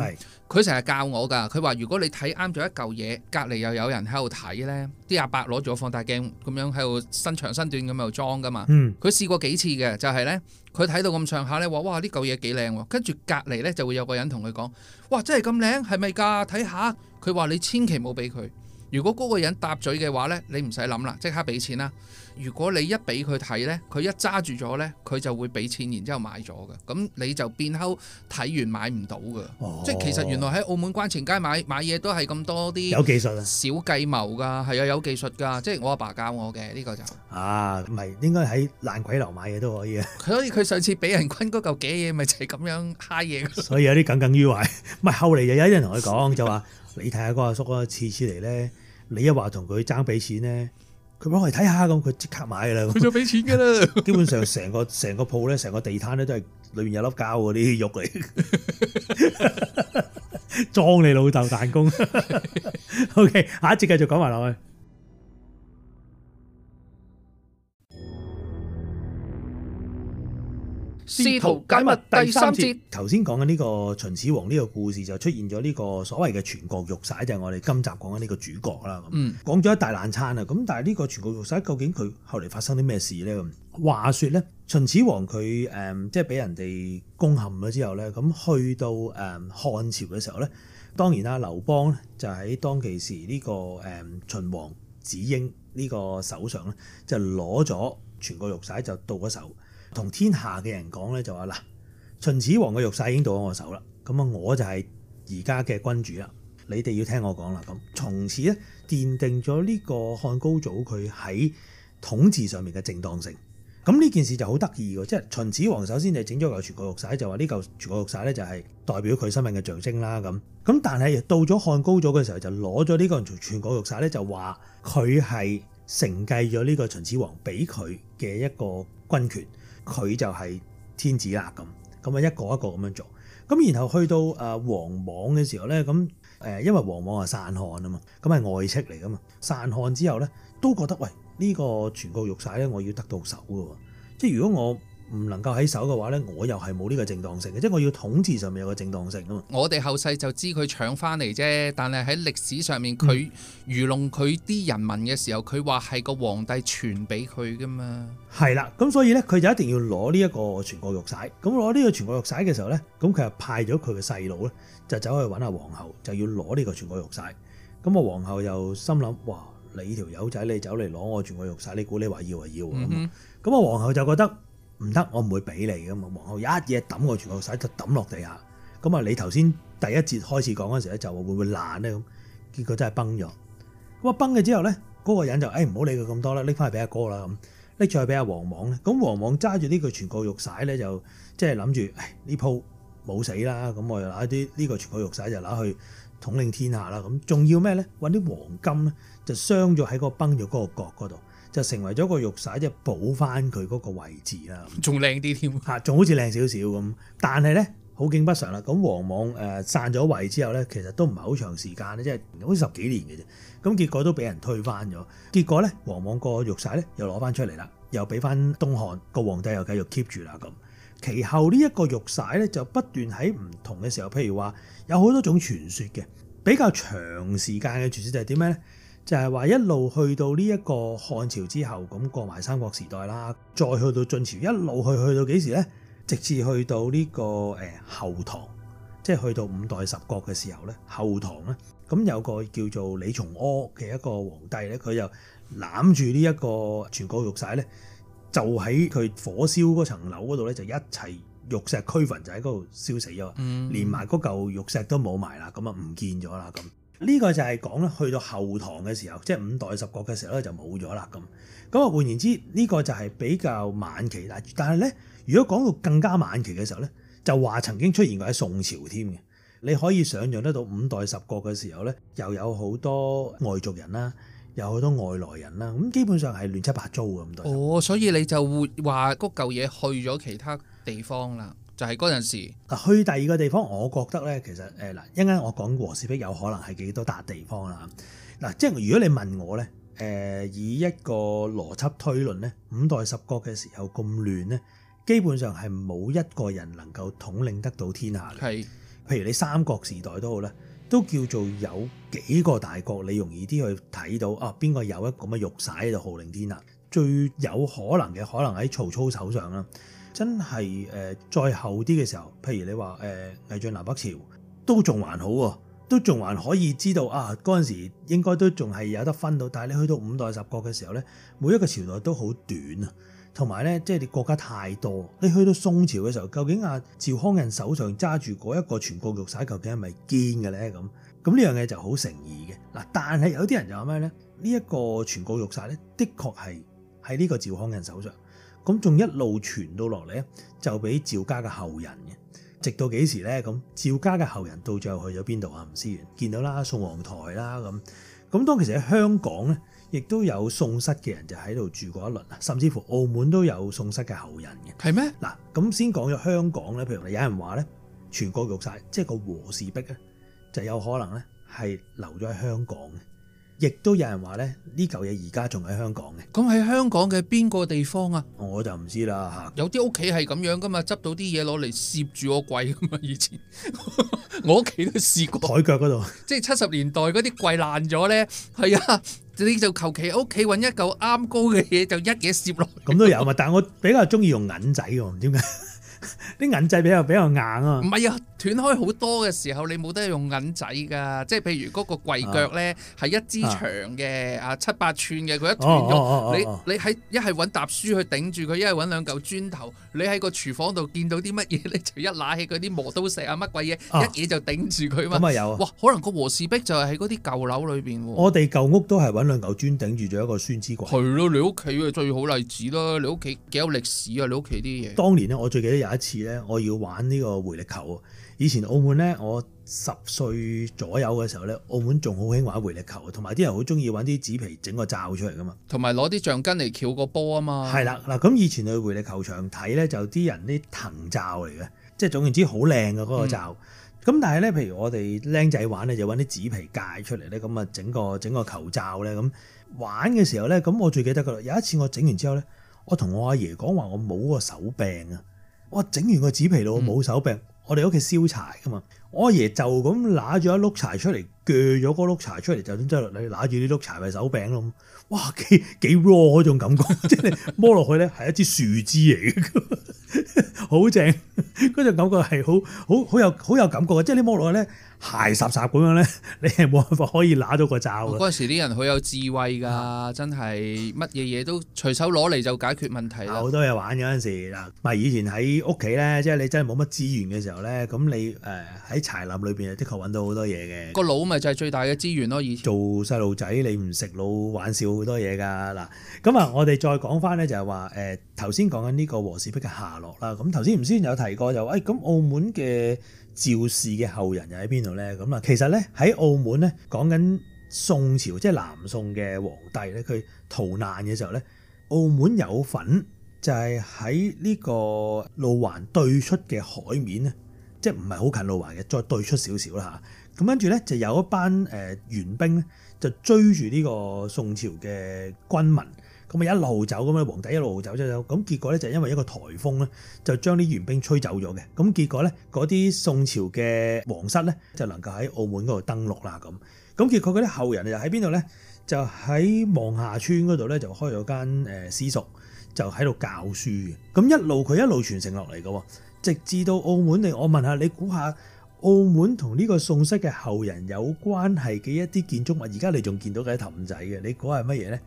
佢成日教我㗎，佢話如果你睇啱咗一嚿嘢，隔離又有人喺度睇呢。」啲阿伯攞咗放大鏡咁樣喺度伸長伸短咁又裝噶嘛，佢、嗯、試過幾次嘅就係、是、咧，佢睇到咁上下咧，話哇、這個、呢嚿嘢幾靚，跟住隔籬咧就會有個人同佢講，哇真係咁靚係咪噶？睇下，佢話你千祈冇俾佢，如果嗰個人搭嘴嘅話咧，你唔使諗啦，即刻俾錢啦。如果你一俾佢睇咧，佢一揸住咗咧，佢就會俾錢，然之後買咗嘅。咁你就變後睇完買唔到嘅、哦。即係其實原來喺澳門關前街買買嘢都係咁多啲，有技術的，小計謀㗎，係啊，有技術㗎。即係我阿爸，爸教我嘅呢、呢個就係、啊，唔係應該喺爛鬼樓買嘢都可以啊。所以佢上次俾人坤嗰嚿幾嘢，咪就係、係、咁樣蝦嘢。所以有啲耿耿於懷，唔 <laughs> 係後嚟又有一人同佢講， <laughs> 就話你睇下個阿叔啊，次次嚟咧，你一話同佢爭俾錢咧。佢攞嚟睇下咁，佢即刻買噶啦，佢就畀錢㗎喇。 <laughs> 基本上成個成個鋪呢，成個地攤呢，都係裏面有粒膠嗰啲玉嚟，裝 <laughs> <laughs> 你老豆彈弓。OK，下一節繼續講埋落去。試圖解密第三節，頭先講緊呢個秦始皇呢個故事就出現咗呢個所謂嘅傳國玉璽，就係、是、我哋今集講緊呢個主角啦。講、嗯、咗一大爛餐啊！咁但係呢個傳國玉璽究竟佢後嚟發生啲咩事咧？話說咧，秦始皇佢誒即係俾人哋攻陷咗之後咧，咁去到誒漢朝嘅時候咧，當然啦，劉邦就喺當其時呢個誒秦王子嬰呢個手上咧，就攞咗傳國玉璽就到咗手。同天下嘅人講咧，就話嗱，秦始皇嘅玉璽已經到咗我手啦。咁啊，我就係而家嘅君主啦。你哋要聽我講啦。咁從此咧，奠定咗呢個漢高祖佢喺統治上面嘅正當性。咁呢件事就好得意嘅，即係秦始皇首先就整咗嚿傳國玉璽，就話呢嚿傳國玉璽咧就係代表佢生命嘅象徵啦。咁咁，但係到咗漢高祖嘅時候就攞咗呢個傳國玉璽咧，就話佢係承繼咗呢個秦始皇俾佢嘅一個君權。佢就係天子啦，咁咁啊一個一個咁樣做咁，然後去到誒王莽嘅時候咧，咁誒因為王莽係散漢啊嘛，咁係外戚嚟噶嘛，散漢之後咧都覺得喂呢、這個全國玉璽咧，我要得到手噶喎，即係如果我。唔能夠喺手嘅話呢，我又係冇呢個正當性嘅，即係我要統治上面有個正當性噶嘛。我哋後世就知佢搶翻嚟啫，但係喺歷史上面，佢、嗯、愚弄佢啲人民嘅時候，佢話係個皇帝傳俾佢噶嘛。係啦，咁所以呢，佢就一定要攞呢一個傳國玉璽。咁攞呢個傳國玉璽嘅時候呢，咁佢又派咗佢嘅細佬呢，就走去揾下皇后，就要攞呢個傳國玉璽。咁啊皇后又心諗：「哇，你條友仔你走嚟攞我傳國玉璽，你估你話要啊要咁啊、嗯、皇后就覺得。唔得，我唔會俾你嘅嘛！王后一嘢抌個全個玉璽就抌落地下，咁啊你頭先第一節開始講嗰時咧，就會唔會爛咧？咁結果真係崩咗。咁啊崩咗之後咧，嗰、嗰個人就誒唔好理佢咁多啦，拎翻去俾阿哥啦咁，拎出去俾阿王莽咧。咁王莽揸住呢個全個玉璽咧，就即係諗住誒呢鋪冇死啦，咁我拿就攞啲呢個全個玉璽就攞去統領天下啦。咁仲要咩咧？揾啲黃金咧就鑲咗喺個崩咗嗰個角嗰度。就成為咗個玉璽，即係補翻佢嗰個位置啦，仲靚啲添嚇，仲好似靚少少咁。但係咧，好景不常啦。咁王莽誒散咗位之後咧，其實都唔係好長時間咧，即係好似十幾年嘅啫。咁結果都俾人推翻咗。結果咧，王莽個玉璽咧又攞翻出嚟啦，又俾翻東漢個皇帝又繼續 keep 住啦咁。其後呢一個玉璽咧就不斷喺唔同嘅時候，譬如話有好多種傳說嘅，比較長時間嘅傳說就係點咩咧？就係、是、話一路去到呢一個漢朝之後，咁過埋三國時代啦，再去到晉朝，一路去去到幾時呢？直至去到呢個誒後唐，即係去到五代十國嘅時候呢，後唐呢，咁有個叫做李從珂嘅一個皇帝呢，佢就攬住呢一個傳國玉璽呢，就喺佢火燒嗰層樓嗰度呢，就一齊玉石俱焚，就喺嗰度燒死咗、嗯，連埋嗰嚿玉石都冇埋啦，咁啊唔見咗啦咁。呢個就係講咧，去到後唐嘅時候，即係五代十國嘅時候咧，就冇咗啦咁。咁啊，換言之，呢個就係比較晚期啦。但係咧，如果講到更加晚期嘅時候咧，就話曾經出現過喺宋朝添嘅。你可以想像得到，五代十國嘅時候咧，又有好多外族人啦，又有好多外來人啦，咁基本上係亂七八糟嘅咁多。哦，所以你就會話嗰嚿嘢去咗其他地方啦。就係嗰陣時，嗱去第二個地方，我覺得咧，其實誒嗱，一陣間我講和氏璧有可能係幾多笪地方啦。嗱，即係如果你問我咧，誒、呃、以一個邏輯推論咧，五代十國嘅時候咁亂咧，基本上係冇一個人能夠統領得到天下嘅。係，譬如你三國時代都好啦，都叫做有幾個大國，你容易啲去睇到啊，邊個有一咁嘅玉璽喺度號令天下。最有可能嘅可能喺曹操手上啦。真係、呃、再後啲嘅時候，譬如你話誒、呃、魏晉南北朝都仲還，還好喎、啊，都仲還，還可以知道啊，嗰陣時應該都仲係有得分到，但係你去到五代十國嘅時候呢，每一個朝代都好短啊，同埋呢，即係你國家太多，你去到宋朝嘅時候，究竟阿、啊、趙匡胤手上揸住嗰一個傳國玉璽，究竟係咪堅嘅呢？咁咁呢樣嘢就好成疑嘅嗱。但係有啲人就話咩呢？呢、這、一個傳國玉璽呢，的確係喺呢個趙匡胤手上。咁仲一路傳到落嚟咧，就俾趙家嘅後人嘅，直到幾時咧？咁趙家嘅後人到最後去咗邊度啊？吳思遠見到啦，宋王台啦咁。咁當其實喺香港咧，亦都有宋室嘅人就喺度住過一輪啊，甚至乎澳門都有宋室嘅後人嘅。係咩？嗱，咁先講咗香港咧，譬如你有人話咧，全國玉璽，即係個和氏璧咧，就有可能咧係留咗喺香港。亦都有人話咧，呢嚿嘢而家仲喺香港嘅。咁喺香港嘅邊個地方啊？我就唔知啦吓。有啲屋企係咁樣噶嘛，執到啲嘢攞嚟攝住個櫃噶嘛。以前 <laughs> 我屋企都試過台腳嗰度。即係七十年代嗰啲櫃爛咗咧，係啊，你就求其屋企揾一嚿啱高嘅嘢，就一嘢攝落。咁都有嘛？但我比較中意用銀仔喎，唔知點解？啲 <laughs> 銀仔比較比較硬啊！唔係啊，斷開好多嘅時候，你冇得用銀仔噶，即係譬如嗰個櫃腳咧，係一支長嘅啊，七八寸嘅佢一斷咗、啊啊啊。你你喺一係揾沓書去頂住佢，一係揾兩嚿磚頭，啊、你喺個廚房度見到啲乜嘢，你就一拿起嗰啲磨刀石啊乜鬼嘢，一嘢就頂住佢嘛。咁啊，啊有啊！哇，可能個和氏璧就係喺嗰啲舊樓裏邊喎。我哋舊屋都係揾兩嚿磚頂住咗一個酸枝櫃。係咯、啊，你屋企最好例子啦！你屋企幾有歷史啊！你屋企啲嘢。當年咧，我最記得有一次咧，我要玩呢個回力球。以前澳門咧，我十歲左右嘅時候咧，澳門仲好興玩回力球，同埋啲人好中意玩啲紙皮整個罩出嚟噶嘛，同埋攞啲橡筋嚟翹個波啊嘛。係啦，嗱咁以前去回力球場睇咧，就啲人啲藤罩嚟嘅，即係總言之好靚嘅嗰個罩。咁、嗯、但係咧，譬如我哋僆仔玩咧，就揾啲紙皮介出嚟咧，咁啊整個整個球罩咧，咁玩嘅時候咧，咁我最記得㗎啦。有一次我整完之後咧，我同我阿爺講話，我冇個手柄。啊。我整完個紙皮我冇手柄。嗯、我哋屋企燒柴噶嘛，我阿爺，爺就咁拿咗一碌柴出嚟，鋸咗嗰碌柴出嚟，就真執落嚟揦住啲碌柴咪手柄咯。哇，幾幾 raw 嗰種感覺，真 <laughs> 係摸落去咧係一支樹枝嚟嘅，好正。嗰種感覺係好好好有好有感覺嘅，即係你摸落去咧。鞋雜雜咁樣咧，你係冇辦法可以拿到個罩。嗰陣時啲人好有智慧㗎，真係乜嘢嘢都隨手攞嚟就解決問題。好多嘢玩嗰陣時，嗱，咪以前喺屋企咧，即係你真係冇乜資源嘅時候咧，咁你誒喺柴林裏邊啊，的確揾到好多嘢嘅。個腦咪就係最大嘅資源咯。以前，以前做細路仔，你唔食腦，玩少好多嘢㗎。嗱，咁啊，我哋再講翻咧，就係話誒頭先講緊呢個和氏璧嘅下落啦。咁頭先唔先有提過就誒咁澳門嘅。趙氏嘅後人又喺邊度咧？咁啊，其實咧喺澳門咧講緊宋朝，即係南宋嘅皇帝咧，佢逃難嘅時候咧，澳門有份就係喺呢個路環對出嘅海面咧，即係唔係好近路環嘅，再對出少少啦吓。咁跟住咧就有一班誒援兵咧，呃呃、就追住呢個宋朝嘅軍民。咁咪一路走咁咧，皇帝一路走走走，咁結果咧就因為一個颱風咧，就將啲元兵吹走咗嘅。咁結果咧，嗰啲宋朝嘅皇室咧，就能夠喺澳門嗰度登陸啦。咁，咁結果嗰啲後人就喺邊度咧？就喺望廈村嗰度咧，就開咗間誒私塾，就喺度教書嘅。咁一路佢一路傳承落嚟嘅，直至到澳門你，我問下你估下，澳門同呢個宋室嘅後人有關係嘅一啲建築物，而家你仲見到喺氹仔嘅，你估下係乜嘢咧？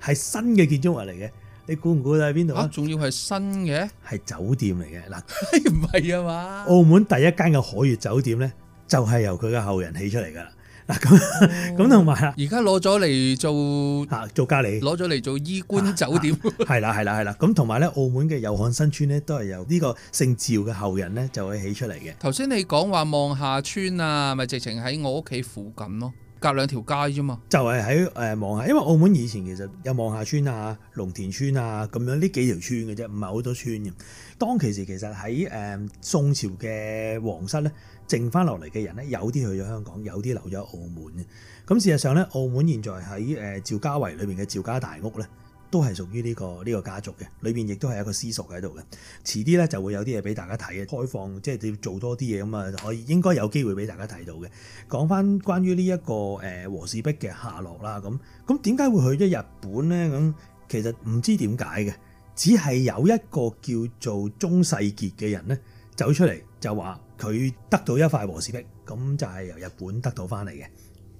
係新嘅建築物嚟嘅，你估唔估喺邊度啊？仲要係新嘅，係酒店嚟嘅，嗱，係唔係啊嘛？澳門第一間嘅海悅酒店咧，就係由佢嘅後人起出嚟噶啦。嗱，咁咁同埋啦，而有、啊、家攞咗嚟做吓做隔離，攞咗嚟做醫觀酒店，係啦係啦係啦。咁同埋咧，澳門嘅祐漢新村咧，都係由呢個姓趙嘅後人咧，就會起出嚟嘅。頭先你講話望廈村啊，咪直情喺我屋企附近咯。隔兩條街啫嘛，就係喺誒望廈，因為澳門以前其實有望廈村啊、龍田村啊咁樣呢幾條村嘅啫，唔係好多村嘅。當其時其實喺誒宋朝嘅皇室咧，剩返落嚟嘅人咧，有啲去咗香港，有啲留咗澳門。咁事實上咧，澳門現在喺誒趙家圍裏邊嘅趙家大屋咧。都係屬於呢個呢個家族嘅，裏邊亦都係一個私塾喺度嘅。遲啲咧就會有啲嘢俾大家睇嘅，開放即係要做多啲嘢咁啊，可以應該有機會俾大家睇到嘅。講翻關於呢一個誒和氏璧嘅下落啦，咁咁點解會去咗日本咧？咁其實唔知點解嘅，只係有一個叫做中世傑嘅人咧走出嚟就話佢得到一塊和氏璧，咁就係由日本得到翻嚟嘅，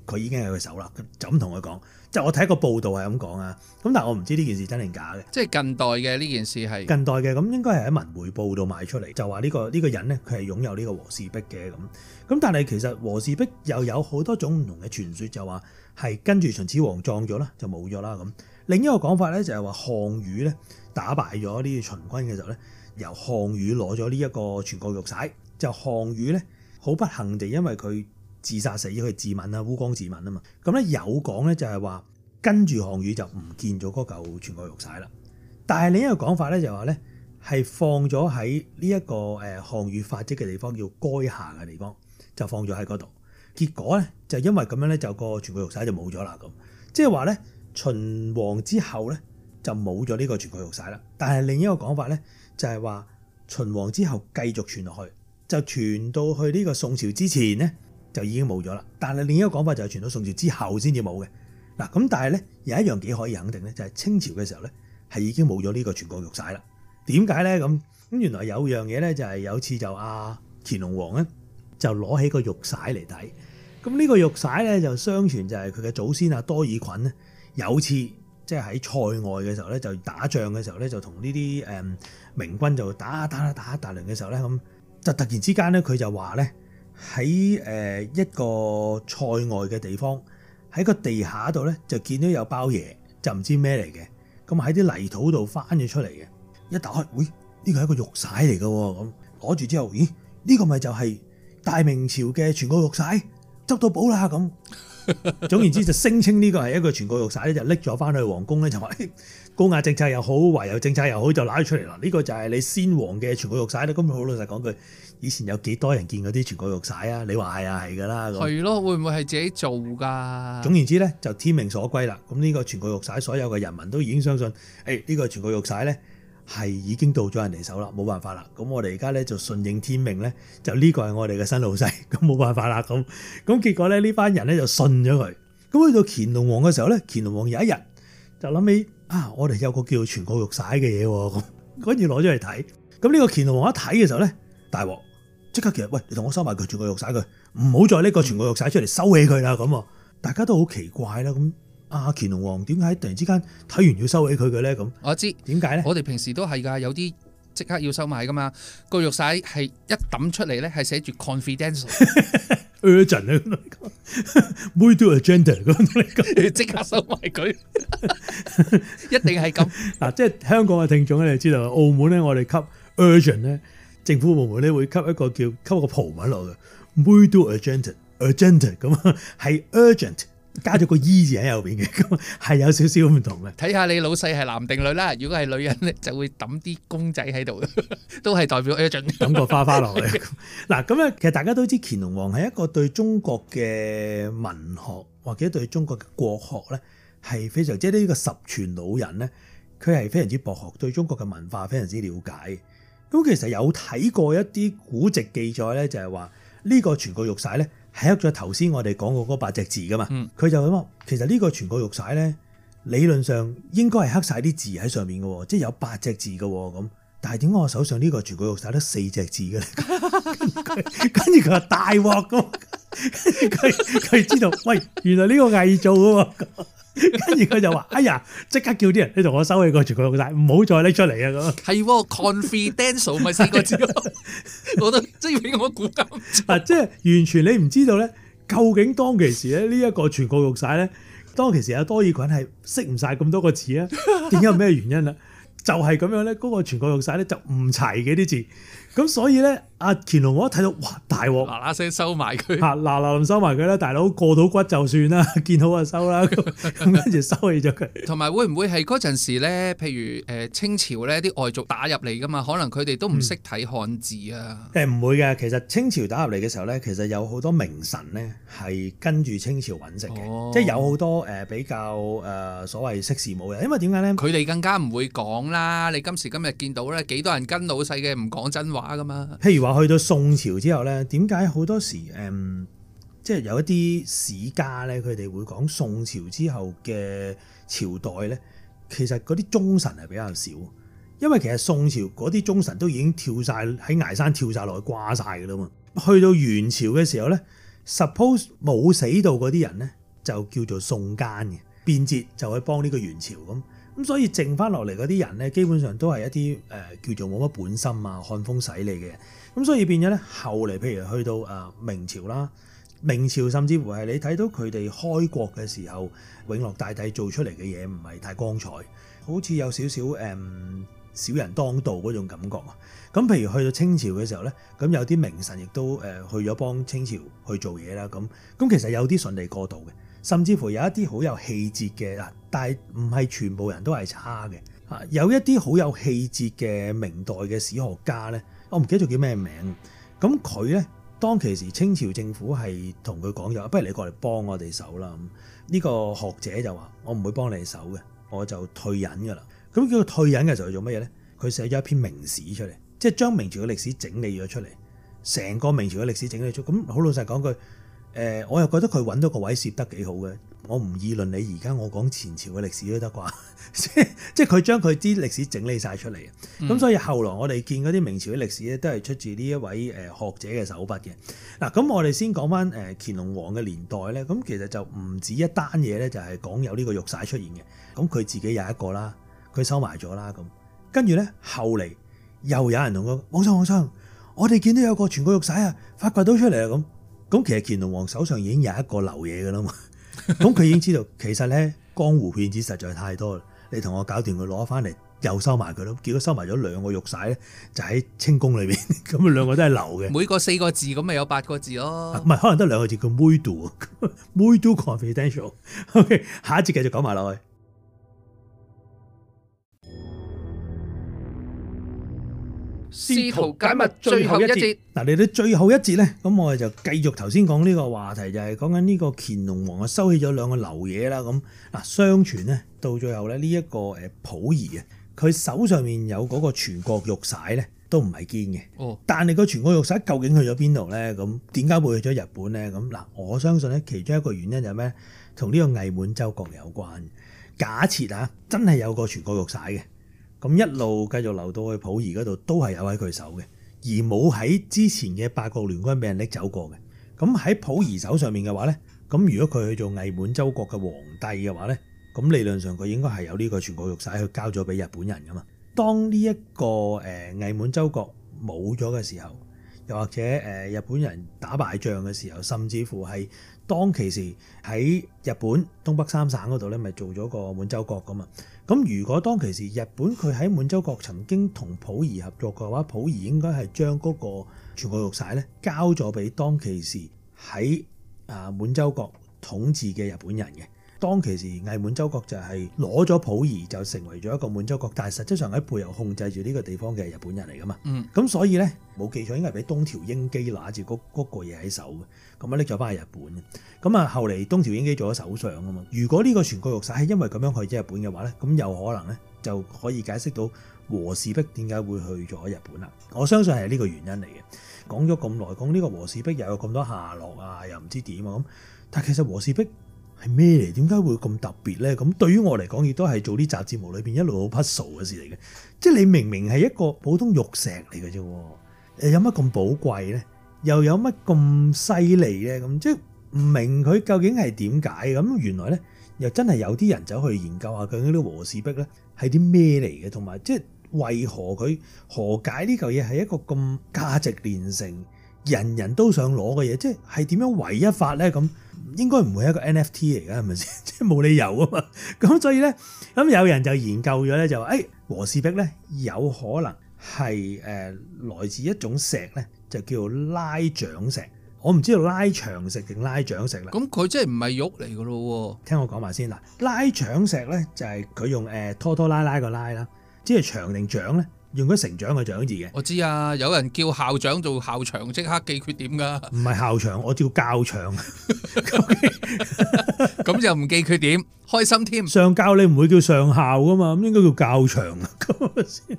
佢已經喺佢手啦，就咁同佢講。就我睇個報道係咁講啊，咁但係我唔知呢件事真定假嘅。即係近代嘅呢件事係近代嘅，咁應該係喺文匯報度買出嚟，就話、這個這個、呢個呢個人咧佢係擁有呢個和氏璧嘅咁。咁但係其實和氏璧又有好多種唔同嘅傳說，就話係跟住秦始皇撞咗啦，就冇咗啦咁。另一個講法咧就係話項羽咧打敗咗呢個秦軍嘅時候咧，由項羽攞咗呢一個全國玉璽，就項羽咧好不幸就因為佢。自殺死咗佢，自刎啦，烏江自刎啊嘛。咁咧有講咧就係話跟住項羽就唔見咗嗰嚿全國玉璽啦。但係另一個講法咧就係話咧係放咗喺呢一個誒項羽發跡嘅地方叫該下嘅地方，就放咗喺嗰度。結果咧就因為咁樣咧就，全就，就，呢就個全國玉璽就冇咗啦。咁即係話咧秦王之後咧就冇咗呢個全國玉璽啦。但係另一個講法咧就係話秦王之後繼續傳落去，就傳到去呢個宋朝之前咧。就已經冇咗啦，但係另一個講法就係傳到宋朝之後先至冇嘅。嗱咁，但係咧有一樣幾可以肯定咧，就係清朝嘅時候咧係已經冇咗呢個傳國玉璽啦。點解咧？咁咁原來有樣嘢咧，就係有次就阿、啊、乾隆皇咧就攞起玉個玉璽嚟睇。咁呢個玉璽咧就相傳就係佢嘅祖先阿多爾袞咧有次即係喺塞外嘅時候咧就打仗嘅時候咧就同呢啲誒明軍就打打打打亂打嘅打打打打打打打，時候咧，咁就突然之間咧佢就話咧。喺誒一個塞外嘅地方，喺個地下度咧就見到有包嘢，就唔知咩嚟嘅。咁喺啲泥土度翻咗出嚟嘅，一打開，喂、哎，呢個係一個玉璽嚟嘅，咁攞住之後，咦、哎？呢、呢個咪就係大明朝嘅傳國玉璽。執到寶啦咁，總言之就聲稱呢個係一個傳國玉璽咧，就拎咗翻去皇宮咧，就話高壓政策又好，懷柔政策又好，就揦出嚟啦。呢、這個就係你先王嘅傳國玉璽啦。咁好老實講句，以前有幾多人見嗰啲傳國玉璽啊？你話係啊，係㗎啦。係咯，會唔會係自己做㗎？總言之咧，就天命所歸啦。咁、這、呢個傳國玉璽，所有嘅人民都已經相信，誒、哎、呢、這個傳國玉璽咧。係已經到咗人哋手啦，冇辦法啦。咁我哋而家咧就順應天命咧，就呢個係我哋嘅新老細，咁冇辦法啦。咁咁結果咧，呢班人咧就信咗佢。咁去到乾隆王嘅時候咧，乾隆王有一日就諗起啊，我哋有個叫傳國玉璽嘅嘢喎，咁跟住攞咗嚟睇。咁呢個乾隆王一睇嘅時候咧，大鑊，即刻其實喂，你同我收埋佢，傳國玉璽佢唔好再，呢個傳國玉璽出嚟，收起佢啦。咁大家都好奇怪啦咁。阿乾隆王點解突然之間睇完要收起佢嘅咧？咁我知點解咧？我哋平時都係㗎，有啲即刻要收埋噶嘛。個玉璽係一抌出嚟咧，係寫住 confidential，urgent 啊！唔好做 agenda 咁嚟講，即刻收埋佢，一定係咁。嗱，即係香港嘅聽眾咧，你知道澳門咧，我哋吸 urgent 咧，政府部門咧會吸一個叫吸個葡文落去，唔好做 agenda，agenda 咁係 urgent。加咗個 E 字喺右邊嘅，咁係有少少唔同嘅。睇下你老細係男定女啦。如果係女人咧，就會揼啲公仔喺度，都係代表 agent 揼個花花落去。嗱，咁咧其實大家都知乾隆皇係一個對中國嘅文學或者對中國嘅國學咧係非常即係呢個十全老人咧，佢係非常之博學，對中國嘅文化非常之了解。咁其實有睇過一啲古籍記載咧，就係話呢個傳國玉璽咧。係刻咗頭先我哋講過嗰八隻字噶嘛，佢、嗯、就咁話，其實呢個傳國玉璽咧，理論上應該係刻晒啲字喺上面嘅，即、就、係、是、有八隻字嘅咁。但係點解我手上呢個傳國玉璽得四隻字嘅咧？跟住佢話大鑊，佢 <laughs> 佢 <laughs> <laughs> 知道，喂，原來呢個偽造㗎喎。跟住佢就話：哎呀，即刻叫啲人，你同我收起全個， <laughs> <laughs> <laughs> 全個傳國玉璽，唔好再拎出嚟啊！咁係 confidential，咪四個字咯。我都即要俾我估緊啊！即係完全你唔知道咧，究竟當其時咧呢一個傳國玉璽咧，當其時有多爾袞係識唔晒咁多個字啊？點解有咩原因啦？就係咁樣咧，嗰個傳國玉璽咧就唔齊嘅啲字，咁所以咧。阿乾隆我一睇到，哇，大鑊，嗱嗱聲收埋佢，嗱嗱林收埋佢啦，大佬過到骨就算啦，見好就收啦，咁跟住收起咗佢。同埋會唔會係嗰陣時咧？譬如誒清朝咧，啲外族打入嚟噶嘛，可能佢哋都唔識睇漢字啊？誒唔會嘅，其實清朝打入嚟嘅時候咧，其實有好多名臣咧係跟住清朝揾食嘅，即係有好多誒比較誒所謂識時務嘅人，因為點解咧？佢哋更加唔會講啦！你今時今日見到咧幾多人跟老細嘅唔講真話噶嘛？譬如話。去到宋朝之後咧，點解好多時誒、嗯，即係有一啲史家咧，佢哋會講宋朝之後嘅朝代咧，其實嗰啲忠臣係比較少，因為其實宋朝嗰啲忠臣都已經跳晒喺崖山跳晒落去掛晒噶啦嘛。去到元朝嘅時候咧，suppose 冇死到嗰啲人咧，就叫做宋奸嘅變節，就去幫呢個元朝咁咁，所以剩翻落嚟嗰啲人咧，基本上都係一啲誒、呃、叫做冇乜本心啊、看風使嚟嘅人。咁所以變咗咧，後嚟譬如去到誒明朝啦，明朝甚至乎係你睇到佢哋開國嘅時候，永樂大帝做出嚟嘅嘢唔係太光彩，好似有少少誒小人當道嗰種感覺啊。咁譬如去到清朝嘅時候咧，咁有啲名臣亦都誒去咗幫清朝去做嘢啦。咁咁其實有啲順利過渡嘅，甚至乎有一啲好有氣節嘅嗱，但係唔係全部人都係差嘅啊。有一啲好有氣節嘅明代嘅史學家咧。我唔記得咗叫咩名，咁佢咧當其時清朝政府係同佢講咗：「不如你過嚟幫我哋手啦。」呢個學者就話：「我唔會幫你手嘅，我就退隱㗎啦。」咁叫佢退隱嘅時候做乜嘢咧？佢寫咗一篇明史出嚟，即係將明朝嘅歷史整理咗出嚟，成個明朝嘅歷史整理出嚟。咁好老實講句，誒我又覺得佢揾到個位攝得幾好嘅。我唔議論你而家，我講前朝嘅歷史都得啩， <laughs> 即即佢將佢啲歷史整理晒出嚟。咁所以後來我哋見嗰啲明朝嘅歷史咧，都係出自呢一位誒學者嘅手筆嘅。嗱，咁我哋先講翻誒乾隆王嘅年代咧，咁其實就唔止一單嘢咧，就係講有呢個玉璽出現嘅。咁佢自己有一個啦，佢收埋咗啦，咁跟住咧後嚟又有人同佢講：皇上皇上，我哋見到有個傳國玉璽啊，發掘到出嚟啊，咁咁其實乾隆王手上已經有一個流嘢噶啦嘛。咁 <laughs> 佢已經知道，其實咧江湖騙子實在太多啦。你同我搞掂佢攞翻嚟，又收埋佢咯。結果收埋咗兩個玉璽咧，就喺清宮裏邊。咁啊，兩個都係流嘅。 <laughs> 每個四個字，咁咪有八個字咯。唔 <laughs> 係，可能得兩個字叫 m 妹 do，m <laughs> 妹 do confidential。OK，下一節繼續講埋落去。試圖解密最後一節嗱，嚟到最後一節咧，咁我哋就繼續頭先講呢個話題，就係、是、講緊呢個乾隆皇啊收起咗兩個流嘢啦，咁嗱，相傳咧到最後咧呢一個誒溥儀啊，佢手上面有嗰個傳國玉璽咧，都唔係堅嘅。哦，但係個傳國玉璽究竟去咗邊度咧？咁點解會去咗日本咧？咁嗱，我相信咧其中一個原因就咩？同呢個偽滿洲國有關。假設啊，真係有一個傳國玉璽嘅。咁一路繼續留到去溥儀嗰度，都係有喺佢手嘅，而冇喺之前嘅八國聯軍俾人拎走過嘅。咁喺溥儀手上面嘅話咧，咁如果佢去做偽滿洲國嘅皇帝嘅話咧，咁理論上佢應該係有呢個傳國玉璽去交咗俾日本人噶嘛。當呢一個誒偽滿洲國冇咗嘅時候。又或者誒，日本人打敗仗嘅時候，甚至乎係當其時喺日本東北三省嗰度咧，咪做咗個滿洲國㗎嘛。咁如果當其時日本佢喺滿洲國曾經同溥儀合作嘅話，溥儀應該係將嗰個全國玉璽咧，交咗俾當其時喺啊滿洲國統治嘅日本人嘅。當其時，偽滿洲國就係攞咗溥儀就成為咗一個滿洲國，但係實際上喺背後控制住呢個地方嘅日本人嚟噶嘛？嗯，咁所以咧，冇記錯應該係俾東條英機拿住嗰個嘢喺手嘅，咁啊拎咗翻去日本，咁啊後嚟東條英機做咗首相啊嘛。如果呢個全國玉璽係因為咁樣去咗日本嘅話咧，咁有可能咧就可以解釋到和氏璧點解會去咗日本啦。我相信係呢個原因嚟嘅。講咗咁耐，講、這、呢個和氏璧又有咁多下落啊，又唔知點啊咁。但其實和氏璧。係咩嚟？點解會咁特別咧？咁對於我嚟講，亦都係做啲雜誌模裏邊一路好 puzzle 嘅事嚟嘅。即係你明明係一個普通玉石嚟嘅啫，誒有乜咁寶貴咧？又有乜咁犀利咧？咁即係唔明佢究竟係點解咁？原來咧又真係有啲人走去研究下究竟呢個和氏璧咧係啲咩嚟嘅，同埋即係為何佢何解呢嚿嘢係一個咁價值連城，人人都想攞嘅嘢？即係係點樣唯一法咧？咁。應該唔會係一個 NFT 嚟噶，係咪先？即係冇理由啊嘛。咁所以咧，咁有人就研究咗咧，就話：哎，和氏璧咧有可能係誒來自一種石咧，就叫做拉長石。我唔知道拉長石定拉長石啦。咁佢即係唔係玉嚟㗎咯？聽我講埋先啦。拉長石咧就係佢用誒拖拖拉拉個拉啦，即係長定長咧。用咗成長嘅長字嘅，我知啊！有人叫校長做校長，即刻記缺點噶。唔係校長，我叫教長。咁就唔記缺點，開心添。上教你唔會叫上校噶嘛？咁應該叫教長啊。咁啊先，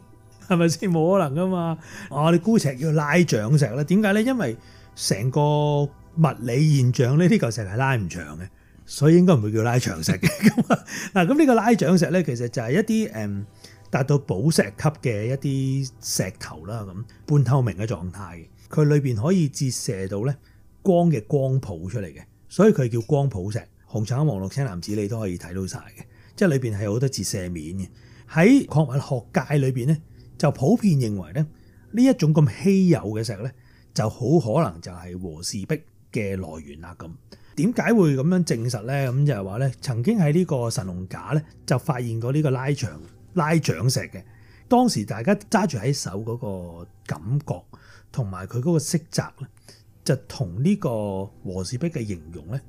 係咪先？冇可能噶嘛！我哋姑且叫拉長石咧，點解咧？因為成個物理現象呢啲嚿石係拉唔長嘅，所以應該唔會叫拉長石嘅。咁啊，嗱咁呢個拉長石咧，其實就係一啲誒。達到寶石級嘅一啲石頭啦，咁半透明嘅狀態，佢裏邊可以折射到咧光嘅光譜出嚟嘅，所以佢叫光譜石。紅橙黃綠青藍紫你都可以睇到晒嘅，即係裏邊係好多折射面嘅。喺礦物學界裏邊咧，就普遍認為咧呢一種咁稀有嘅石咧，就好可能就係和氏璧嘅來源啦。咁點解會咁樣證實咧？咁就係話咧，曾經喺呢個神龍架咧就發現過呢個拉長。拉長石嘅，當時大家揸住喺手嗰個感覺同埋佢嗰個色澤咧，就同呢個和氏璧嘅形容咧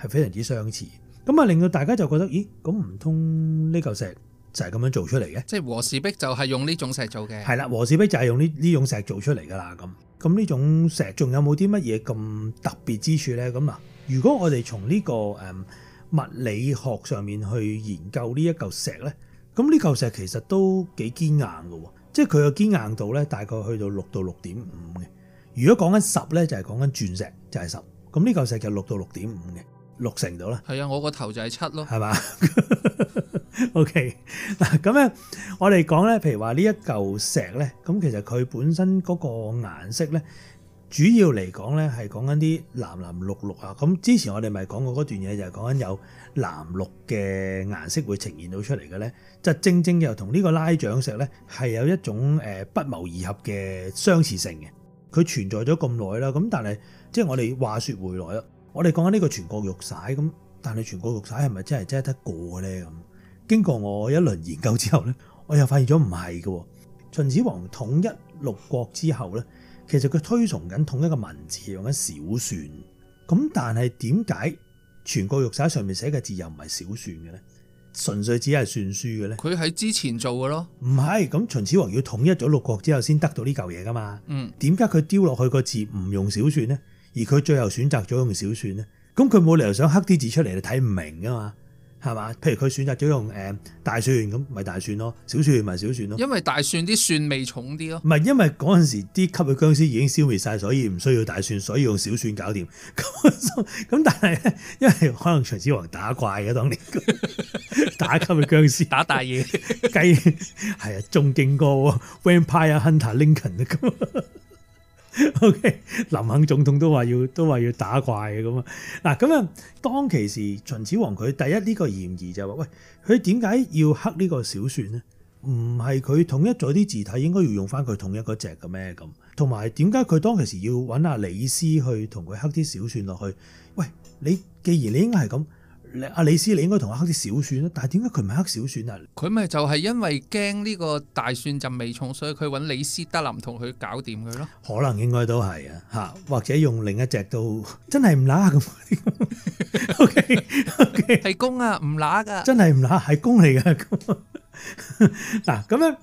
係非常之相似。咁啊，令到大家就覺得，咦？咁唔通呢嚿石就係咁樣做出嚟嘅？即係和氏璧就係用呢種石做嘅？係啦，和氏璧就係用呢呢種石做出嚟㗎啦。咁咁呢種石仲有冇啲乜嘢咁特別之處咧？咁啊，如果我哋從呢個誒物理學上面去研究呢一嚿石咧？咁呢嚿石其實都幾堅硬喎，即係佢嘅堅硬度咧，大概去到六到六點五嘅。如果講緊十咧，就係講緊鑽石就係十。咁呢嚿石就六到六點五嘅，六成度啦。係啊，我個頭就係七咯，係嘛 <laughs> ？OK 嗱，咁咧我哋講咧，譬如話呢一嚿石咧，咁其實佢本身嗰個顏色咧。主要嚟講咧，係講緊啲藍藍綠綠啊！咁之前我哋咪講過嗰段嘢，就係講緊有藍綠嘅顏色會呈現到出嚟嘅咧，就正正又同呢個拉長石咧係有一種誒不謀而合嘅相似性嘅。佢存在咗咁耐啦，咁但係即係我哋話說回來啊，我哋講緊呢個傳國玉璽咁，但係傳國玉璽係咪真係真係得個咧咁？經過我一輪研究之後咧，我又發現咗唔係嘅。秦始皇統一六國之後咧。其實佢推崇緊統一個文字，用緊小篆，咁但係點解傳國玉璽上面寫嘅字又唔係小篆嘅咧？純粹只係篆書嘅咧？佢喺之前做嘅咯，唔係，咁秦始皇要統一咗六國之後先得到呢嚿嘢噶嘛？嗯，點解佢丟落去個字唔用小篆咧？而佢最後選擇咗用小篆咧？咁佢冇理由想刻啲字出嚟你睇唔明噶嘛？係嘛？譬如佢選擇咗用誒大蒜，咁咪大蒜咯；小蒜咪小蒜咯。因為大蒜啲蒜味重啲咯。唔係因為嗰陣時啲吸嘅僵屍已經消滅晒，所以唔需要大蒜，所以用小蒜搞掂。咁 <laughs> 但係咧，因為可能秦始皇打怪嘅當年打級嘅僵屍， <laughs> 打大嘢，雞係啊，仲勁過 Vampire Hunter Lincoln 咁。 <laughs> O.K.，林肯總統都話要，都話要打怪嘅咁啊。嗱，咁啊，當其時秦始皇佢第一呢個嫌疑就係話：喂，佢點解要刻呢個小篆咧？唔係佢統一咗啲字體，應該要用翻佢統一嗰隻嘅咩咁？同埋點解佢當其時要揾阿李斯去同佢刻啲小篆落去？喂，你既然你應該係咁。阿李斯你應該同阿黑啲小蒜啦，但係點解佢唔係黑小蒜啊？佢咪就係因為驚呢個大蒜就味重，所以佢揾李斯德林同佢搞掂佢咯。可能應該都係啊，吓或者用另一隻都真係唔乸咁。O K O K 係公啊，唔乸噶，真係唔乸係公嚟噶。嗱咁 <laughs> 樣。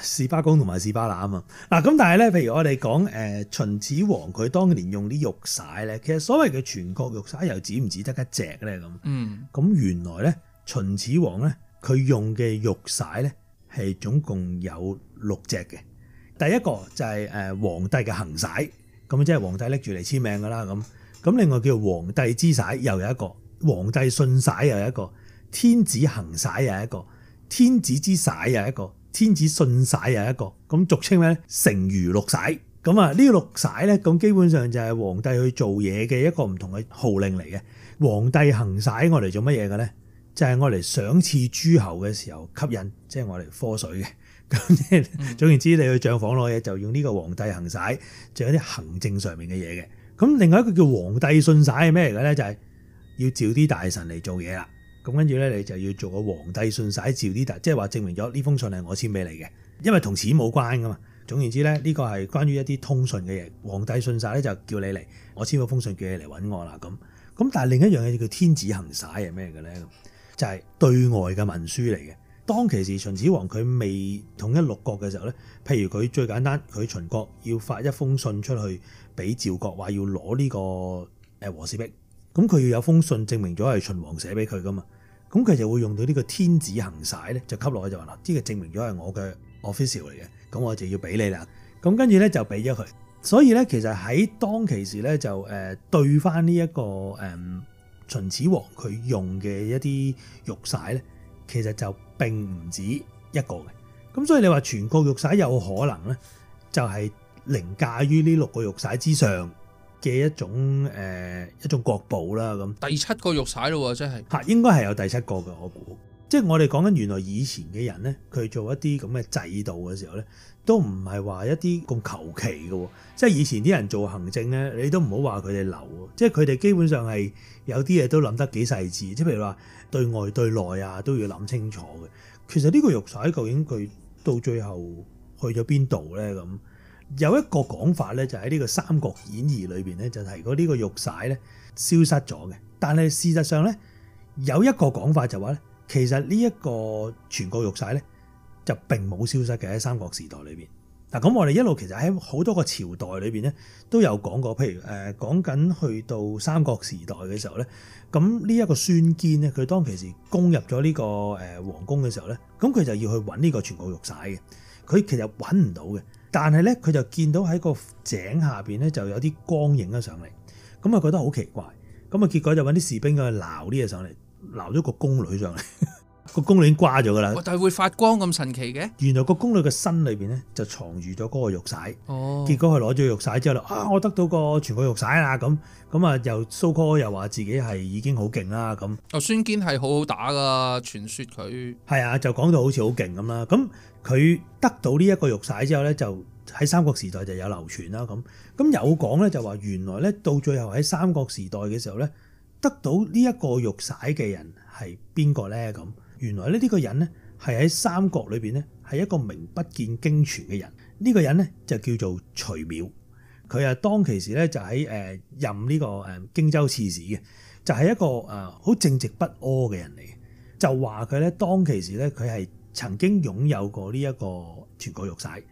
士巴公同埋士巴乸，啊嘛，嗱，咁但係咧，譬如我哋講誒秦始皇佢當年用啲玉璽咧，其實所謂嘅全國玉璽又止唔止得一隻咧咁？嗯，咁原來咧秦始皇咧佢用嘅玉璽咧係總共有六隻嘅。第一個就係誒皇帝嘅行璽，咁即係皇帝拎住嚟簽名㗎啦咁。咁另外叫皇帝之璽又有一個，皇帝信璽又有一個，天子行璽又一個，天子之璽又一個。天子信璽又一個，咁俗稱咧成如六璽，咁啊呢個六璽咧，咁基本上就係皇帝去做嘢嘅一個唔同嘅號令嚟嘅。皇帝行璽我嚟做乜嘢嘅咧？就係我嚟賞賜諸侯嘅時候，吸引即係我嚟科水嘅。咁總言之，你去帳房攞嘢就用呢個皇帝行璽，做一啲行政上面嘅嘢嘅。咁另外一個叫皇帝信璽係咩嚟嘅咧？就係、是、要召啲大臣嚟做嘢啦。咁跟住咧，你就要做個皇帝信璽趙啲達，即係話證明咗呢封信係我簽俾你嘅，因為同錢冇關噶嘛。總言之咧，呢、這個係關於一啲通信嘅嘢。皇帝信璽咧就叫你嚟，我簽個封信叫你嚟揾我啦。咁咁，但係另一樣嘢叫天子行璽係咩嘅咧？就係、是、對外嘅文書嚟嘅。當其時秦始皇佢未統一六國嘅時候咧，譬如佢最簡單，佢秦國要發一封信出去俾趙國話要攞呢個誒和氏璧。咁佢要有封信證明咗係秦王寫俾佢噶嘛？咁佢就會用到呢個天子行璽咧，就吸落去就話啦，呢個證明咗係我嘅 official 嚟嘅，咁我就要俾你啦。咁跟住咧就俾咗佢。所以咧，其實喺當其時咧就對翻呢一個誒秦始皇佢用嘅一啲玉璽咧，其實就並唔止一個嘅。咁所以你話傳國玉璽有可能咧，就係凌駕於呢六個玉璽之上。嘅一種、呃、一種國寶啦咁，第七個玉璽咯，真係應該係有第七個嘅，我估。即係我哋講緊原來以前嘅人咧，佢做一啲咁嘅制度嘅時候咧，都唔係話一啲咁求其嘅。即係以前啲人做行政咧，你都唔好話佢哋流，即係佢哋基本上係有啲嘢都諗得幾細緻。即係譬如話對外對內啊，都要諗清楚嘅。其實呢個玉璽究竟佢到最後去咗邊度咧咁？有一個講法咧，就喺呢個《三國演義》裏邊咧，就提過呢個玉璽咧消失咗嘅。但係事實上咧，有一個講法就話咧，其實呢一個傳國玉璽咧，就並冇消失嘅喺三國時代裏邊。嗱咁我哋一路其實喺好多個朝代裏邊咧，都有講過，譬如誒講緊去到三國時代嘅時候咧，咁呢一個孫堅咧，佢當其時攻入咗呢個誒皇宮嘅時候咧，咁佢就要去揾呢個傳國玉璽嘅，佢其實揾唔到嘅。但係咧，佢就見到喺個井下面咧就有啲光影咗上嚟，咁啊覺得好奇怪，咁啊結果就搵啲士兵去撈呢嘢上嚟，撈咗個宮女上嚟， <laughs> 公個宮女已經掛咗噶啦。但係會發光咁神奇嘅？原來個宮女嘅身裏面咧就藏住咗嗰個玉璽。哦。結果佢攞咗玉璽之後呢，啊我得到個傳國玉璽啦咁，咁啊又蘇哥又話自己係已經好勁啦咁。哦，孫堅係好好打啊，傳説佢。係啊，就講到好似好勁咁啦，咁。佢得到呢一個玉璽之後咧，就喺三國時代就有流傳啦。咁咁有講咧，就話原來咧，到最後喺三國時代嘅時候咧，得到呢一個玉璽嘅人係邊個咧？咁原來咧，呢個人咧係喺三國裏邊咧，係一個名不見經傳嘅人。呢個人咧就叫做徐邈，佢啊當其時咧就喺誒任呢個誒荊州刺史嘅，就係一個誒好正直不阿嘅人嚟。就話佢咧，當其時咧佢係。曾經擁有過呢一個傳國玉璽，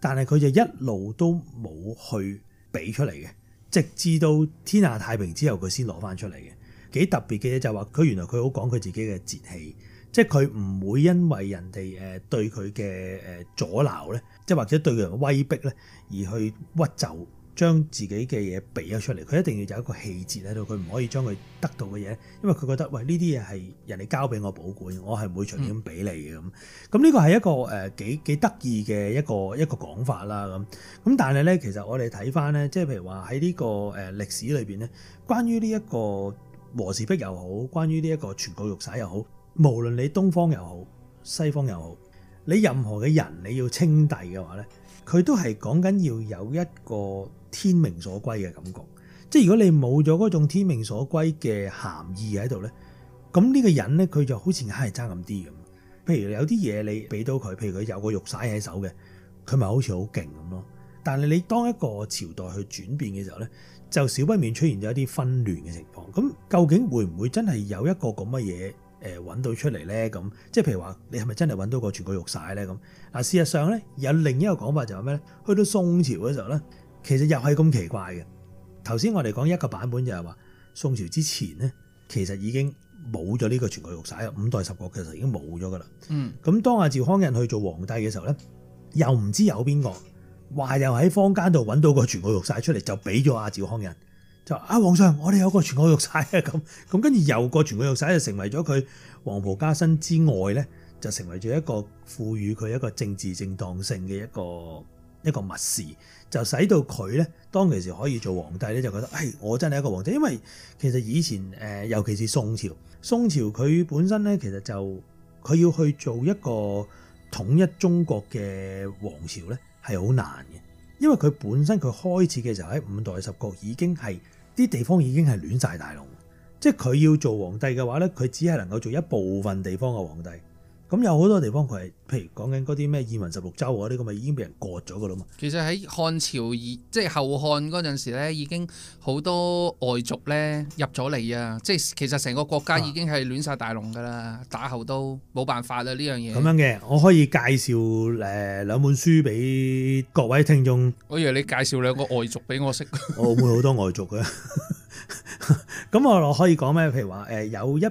但係佢就一路都冇去俾出嚟嘅，直至到天下太平之後才拿出來，佢先攞翻出嚟嘅。幾特別嘅嘢就係話佢原來佢好講佢自己嘅節氣，即係佢唔會因為人哋誒對佢嘅誒阻撓咧，即係或者對佢嘅威逼咧，而去屈就。將自己嘅嘢俾咗出嚟，佢一定要有一個氣節喺度，佢唔可以將佢得到嘅嘢，因為佢覺得喂，呢啲嘢係人哋交俾我保管，我係唔會隨便咁俾你嘅咁。咁、嗯、呢、呢個係一個誒幾幾得意嘅一個一個講法啦咁。咁但係咧，其實我哋睇翻咧，即係譬如話喺呢個誒歷史裏邊咧，關於呢一個和氏璧又好，關於呢一個傳國玉璽又好，無論你東方又好，西方又好，你任何嘅人你要稱帝嘅話咧，佢都係講緊要有一個。天命所歸嘅感覺，即係如果你冇咗嗰種天命所歸嘅涵義喺度咧，咁呢個人咧佢就好似硬係爭咁啲嘅。譬如有啲嘢你俾到佢，譬如佢有個玉璽喺手嘅，佢咪好似好勁咁咯。但係你當一個朝代去轉變嘅時候咧，就少不免出現咗一啲紛亂嘅情況。咁究竟會唔會真係有一個咁乜嘢誒揾到出嚟咧？咁即係譬如話，你係咪真係揾到個傳國玉璽咧？咁嗱，事實上咧有另一個講法就係咩咧？去到宋朝嘅時候咧。其實又係咁奇怪嘅。頭先我哋講一個版本就係話，宋朝之前咧，其實已經冇咗呢個傳國玉璽啦。五代十國其實已經冇咗噶啦。嗯，咁當阿趙匡胤去做皇帝嘅時候咧，又唔知有邊個話又喺坊間度揾到個傳國玉璽出嚟，就俾咗阿趙匡胤就，啊皇上，我哋有個傳國玉璽啊，咁咁，跟住又個傳國玉璽就成為咗佢黃袍加身之外咧，就成為咗一個賦予佢一個政治正當性嘅一個一個物事。就使到佢咧，當其時可以做皇帝咧，就覺得，哎，我真係一個皇帝。因為其實以前，誒，尤其是宋朝，宋朝佢本身咧，其實就佢要去做一個統一中國嘅王朝咧，係好難嘅。因為佢本身佢開始嘅時候喺五代十國已經係啲地方已經係亂晒大龍，即係佢要做皇帝嘅話咧，佢只係能夠做一部分地方嘅皇帝。咁有好多地方佢係，譬如講緊嗰啲咩《燕雲十六州》嗰啲，咪已經俾人割咗噶啦嘛。其實喺漢朝而即係後漢嗰陣時咧，已經好多外族咧入咗嚟啊！即係其實成個國家已經係亂晒大龍噶啦，打後都冇辦法啦呢樣嘢。咁樣嘅，我可以介紹誒兩本書俾各位聽眾。我以為你介紹兩個外族俾我識。我會好多外族嘅，咁 <laughs> 我 <laughs> 我可以講咩？譬如話誒有一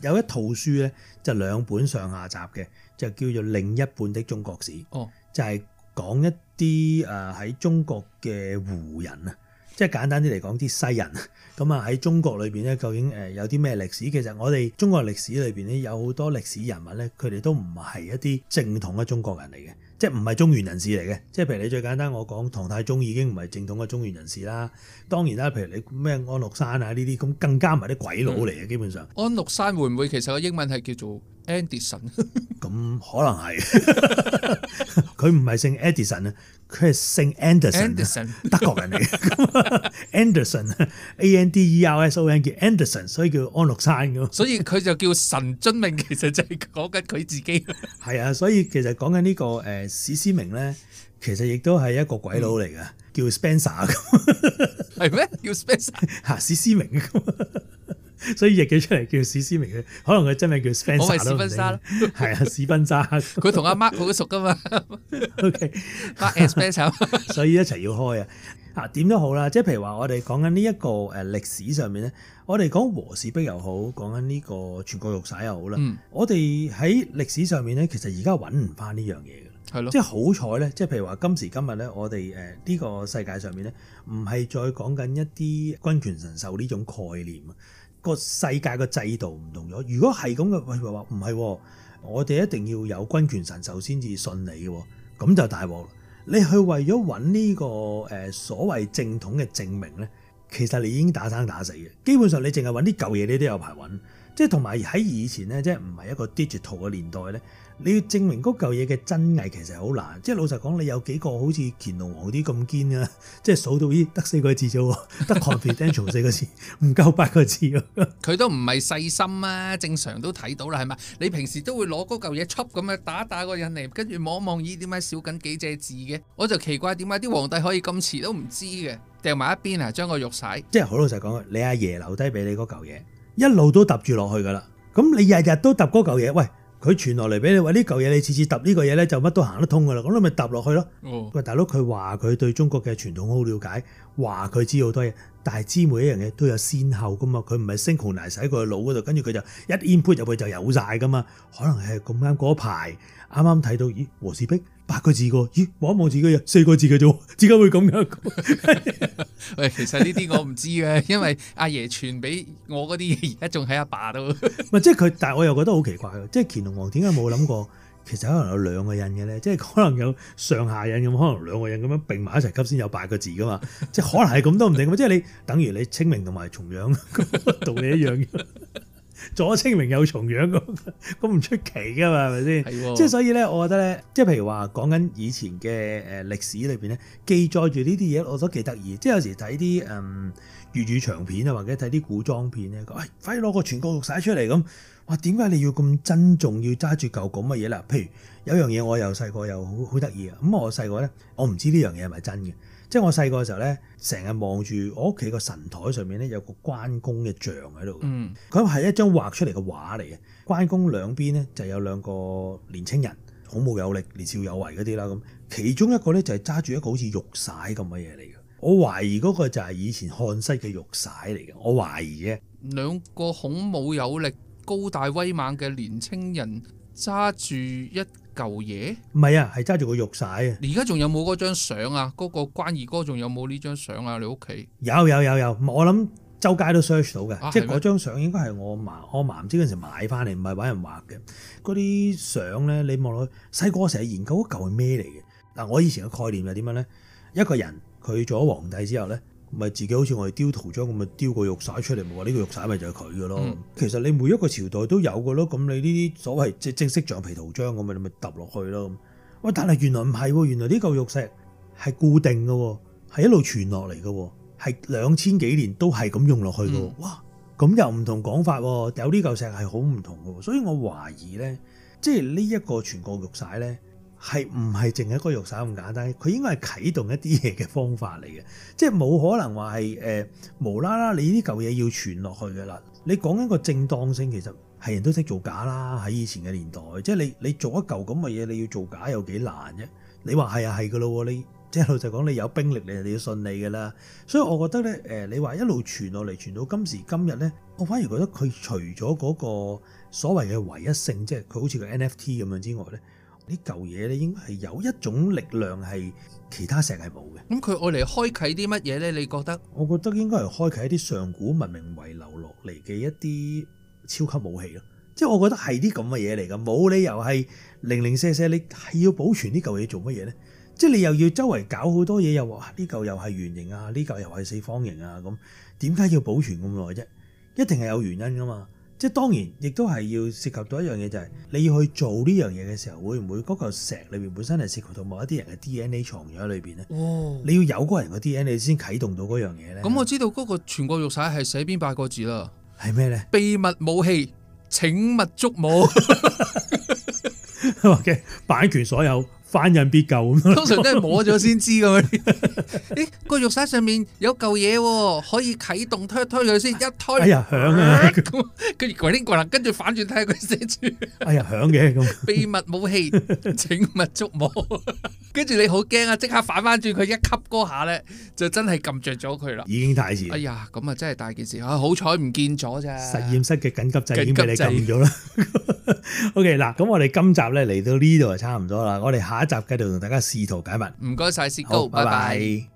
有一套書咧。就兩、是、本上下集嘅，就叫做《另一半的中國史》，哦、就係、是、講一啲誒喺中國嘅胡人啊，即係簡單啲嚟講啲西人，咁啊喺中國裏邊咧，究竟誒有啲咩歷史？其實我哋中國歷史裏邊咧，有好多歷史人物咧，佢哋都唔係一啲正統嘅中國人嚟嘅。即係唔係中原人士嚟嘅，即係譬如你最簡單我，我講唐太宗已經唔係正統嘅中原人士啦。當然啦，譬如你咩安祿山啊呢啲，咁更加唔係啲鬼佬嚟嘅，基本上。安祿山會唔會其實個英文係叫做 Anderson？咁 <laughs> 可能係。 <laughs> <laughs> 佢唔係姓 Edison 啊，佢係姓 Anderson，Anderson 德國人嚟。 <laughs> Anderson，A N D E R S O N 叫 Anderson，所以叫安祿山咁。所以佢就叫神遵命。其實就係講緊佢自己。係啊，所以其實講緊呢個誒史思明咧，其實亦都係一個鬼佬嚟噶、嗯，叫 Spencer 咁，係咩？叫 Spencer 吓史思明。所以譯咗出嚟叫史思明嘅，可能佢真名叫史芬莎咯。係啊，史芬莎。佢同阿 Mark 好熟噶嘛？OK，Mark Spencer。所以一齊要開啊！啊點都好啦，即係譬如話，我哋講緊呢一個誒歷史上面咧，我哋講和氏璧又好，講緊呢個傳國玉璽又好啦。嗯，我哋喺歷史上面咧，其實而家揾唔翻呢樣嘢嘅。係咯。即係好彩咧，即係譬如話今時今日咧，我哋誒呢個世界上面咧，唔係再講緊一啲君權神授呢種概念啊。個世界個制度唔同咗，如果係咁嘅，喂話唔係，我哋一定要有君權神授先至信你，咁就大鑊啦。你去為咗搵呢個誒、呃、所謂正統嘅證明咧，其實你已經打生打死嘅。基本上你淨係搵啲舊嘢，你都有排搵。即係同埋喺以前咧，即係唔係一個 digital 嘅年代咧。你要證明嗰嚿嘢嘅真偽其實好難，即係老實講，你有幾個好似乾隆皇啲咁堅嘅，即係數到咦得四個字啫喎，得 confidential 四個字，唔 <laughs> 夠八個字喎。佢都唔係細心啊，正常都睇到啦，係咪？你平時都會攞嗰嚿嘢 cup 咁樣打打個印嚟，跟住望望咦點解少緊幾隻字嘅？我就奇怪點解啲皇帝可以咁遲都唔知嘅，掟埋一邊啊，將個玉璽。即係好老實講，你阿爺爺留低俾你嗰嚿嘢，一路都揼住落去噶啦。咁你日日都揼嗰嚿嘢，喂！佢傳落嚟俾你話呢嚿嘢，你次次揼呢個嘢咧就乜都行得通㗎喇，咁你咪揼落去咯。喂、嗯，大佬，佢話佢對中國嘅傳統好了解。話佢知好多嘢，但係知每一樣嘢都有先後噶嘛，佢唔係 s i n g 難使佢腦嗰度，跟住佢就一 input 入去就有晒噶嘛。可能係咁啱嗰排啱啱睇到，咦，和氏璧八個字個，咦，望一望自己又四個字嘅啫，點解會咁樣？ <laughs> 喂，其實呢啲我唔知嘅，因為阿爺傳俾我嗰啲嘢而家仲喺阿爸度。喂，即係佢，但係我又覺得好奇怪，即係乾隆皇點解冇諗過？其實可能有兩個印嘅咧，即係可能有上下印咁，可能兩個人咁樣並埋一齊吸先有八個字噶嘛，即係可能係咁都唔定嘅，即 <laughs> 係你等於你清明同埋重陽同你一樣嘅，左清明右重陽咁，咁唔出奇噶嘛，係咪先？即係所以咧，我覺得咧，即係譬如話講緊以前嘅誒歷史裏邊咧，記載住呢啲嘢，我覺得幾得意。即係有時睇啲誒粵語長片啊，或者睇啲古裝片咧，誒，快、哎、攞個全國讀曬出嚟咁。哇！點解你要咁珍重要揸住嚿咁嘅嘢啦？譬如有樣嘢，我又細個又好好得意啊！咁我細個咧，我唔知呢樣嘢係咪真嘅，即係我細個嘅時候咧，成日望住我屋企個神台上面咧，有個關公嘅像喺度。嗯，佢係一張畫出嚟嘅畫嚟嘅，關公兩邊咧就有兩個年青人，孔武有力、年少有為嗰啲啦。咁其中一個咧就係揸住一個好似玉璽咁嘅嘢嚟嘅，我懷疑嗰個就係以前漢西嘅玉璽嚟嘅，我懷疑啫。兩個孔武有力。高大威猛嘅年青人揸住一嚿嘢，唔係啊，係揸住個玉璽啊！而家仲有冇嗰張相啊？嗰、嗰個關二哥仲有冇呢張相啊？你屋企有有有有，我諗周街都 search 到嘅，啊，即係嗰張相應該係我嫲、我嫲唔知嗰陣時買翻嚟，唔係搵人畫嘅。嗰啲相咧，你望落去，細個我成日研究嗰嚿係咩嚟嘅？嗱，我以前嘅概念係點樣咧？一個人佢做咗皇帝之後咧。咪自己好似我哋雕圖章咁咪雕個玉璽出嚟，冇話呢個玉璽咪就係佢噶咯。其實你每一個朝代都有噶咯，咁你呢啲所謂即係正式橡皮圖章咁咪你咪揼落去咯。喂，但係原來唔係，原來呢嚿玉石係固定噶，係一路傳落嚟噶，係兩千幾年都係咁用落去噶、嗯。哇，咁又唔同講法，有呢嚿石係好唔同噶，所以我懷疑咧，即係呢一個傳國玉璽咧。係唔係淨係一個玉璽咁簡單？佢應該係啟動一啲嘢嘅方法嚟嘅，即係冇可能話係誒無啦啦，你呢舊嘢要傳落去㗎喇。你講緊個正當性，其實係人都識做假啦。喺以前嘅年代，即係你你做一舊咁嘅嘢，你要做假有幾難啫？你話係啊係噶咯，你即係老實講你有兵力，你你要信你噶啦。所以我覺得咧，誒、呃、你話一路傳落嚟，傳到今時今日咧，我反而覺得佢除咗嗰個所謂嘅唯一性，即係佢好似個 NFT 咁樣之外咧。呢嚿嘢咧，應該係有一種力量係其他石係冇嘅。咁佢愛嚟開啓啲乜嘢咧？你覺得？我覺得應該係開啓一啲上古文明遺留落嚟嘅一啲超級武器咯。即係我覺得係啲咁嘅嘢嚟噶，冇理由係零零碎碎，你係要保存呢嚿嘢做乜嘢咧？即係你又要周圍搞好多嘢，又話呢嚿又係圓形啊，呢嚿又係四方形啊，咁點解要保存咁耐啫？一定係有原因噶嘛。即係當然，亦都係要涉及到一樣嘢，就係、是、你要去做呢樣嘢嘅時候，會唔會嗰嚿石裏面本身係涉及到某一啲人嘅 DNA 藏咗喺裏邊咧？你要有個人嘅 DNA 先啟動到嗰樣嘢咧。咁、嗯、我知道嗰個傳國玉璽係寫邊八個字啦？係咩咧？秘密武器，請勿觸摸。係咪？版權所有。反人必救咁通常都係摸咗先知㗎。咦、欸，個玉璽上面有嚿嘢喎，可以啟動推推佢先，一推，哎呀，響啊！咁跟住嗰啲嗰啦，跟住反轉睇佢寫住，哎呀，響嘅，咁秘密武器， <laughs> 請勿觸摸。跟住你好驚啊，即刻反翻轉佢一吸嗰下咧，就真係撳着咗佢啦。已經太遲。哎呀，咁啊真係大件事啊！好彩唔見咗咋。實驗室嘅緊急制已經俾你撳咗啦。OK 嗱，咁我哋今集咧嚟到呢度就差唔多啦，我哋下集繼續同大家試圖解密。唔該晒，雪糕，拜拜。拜拜。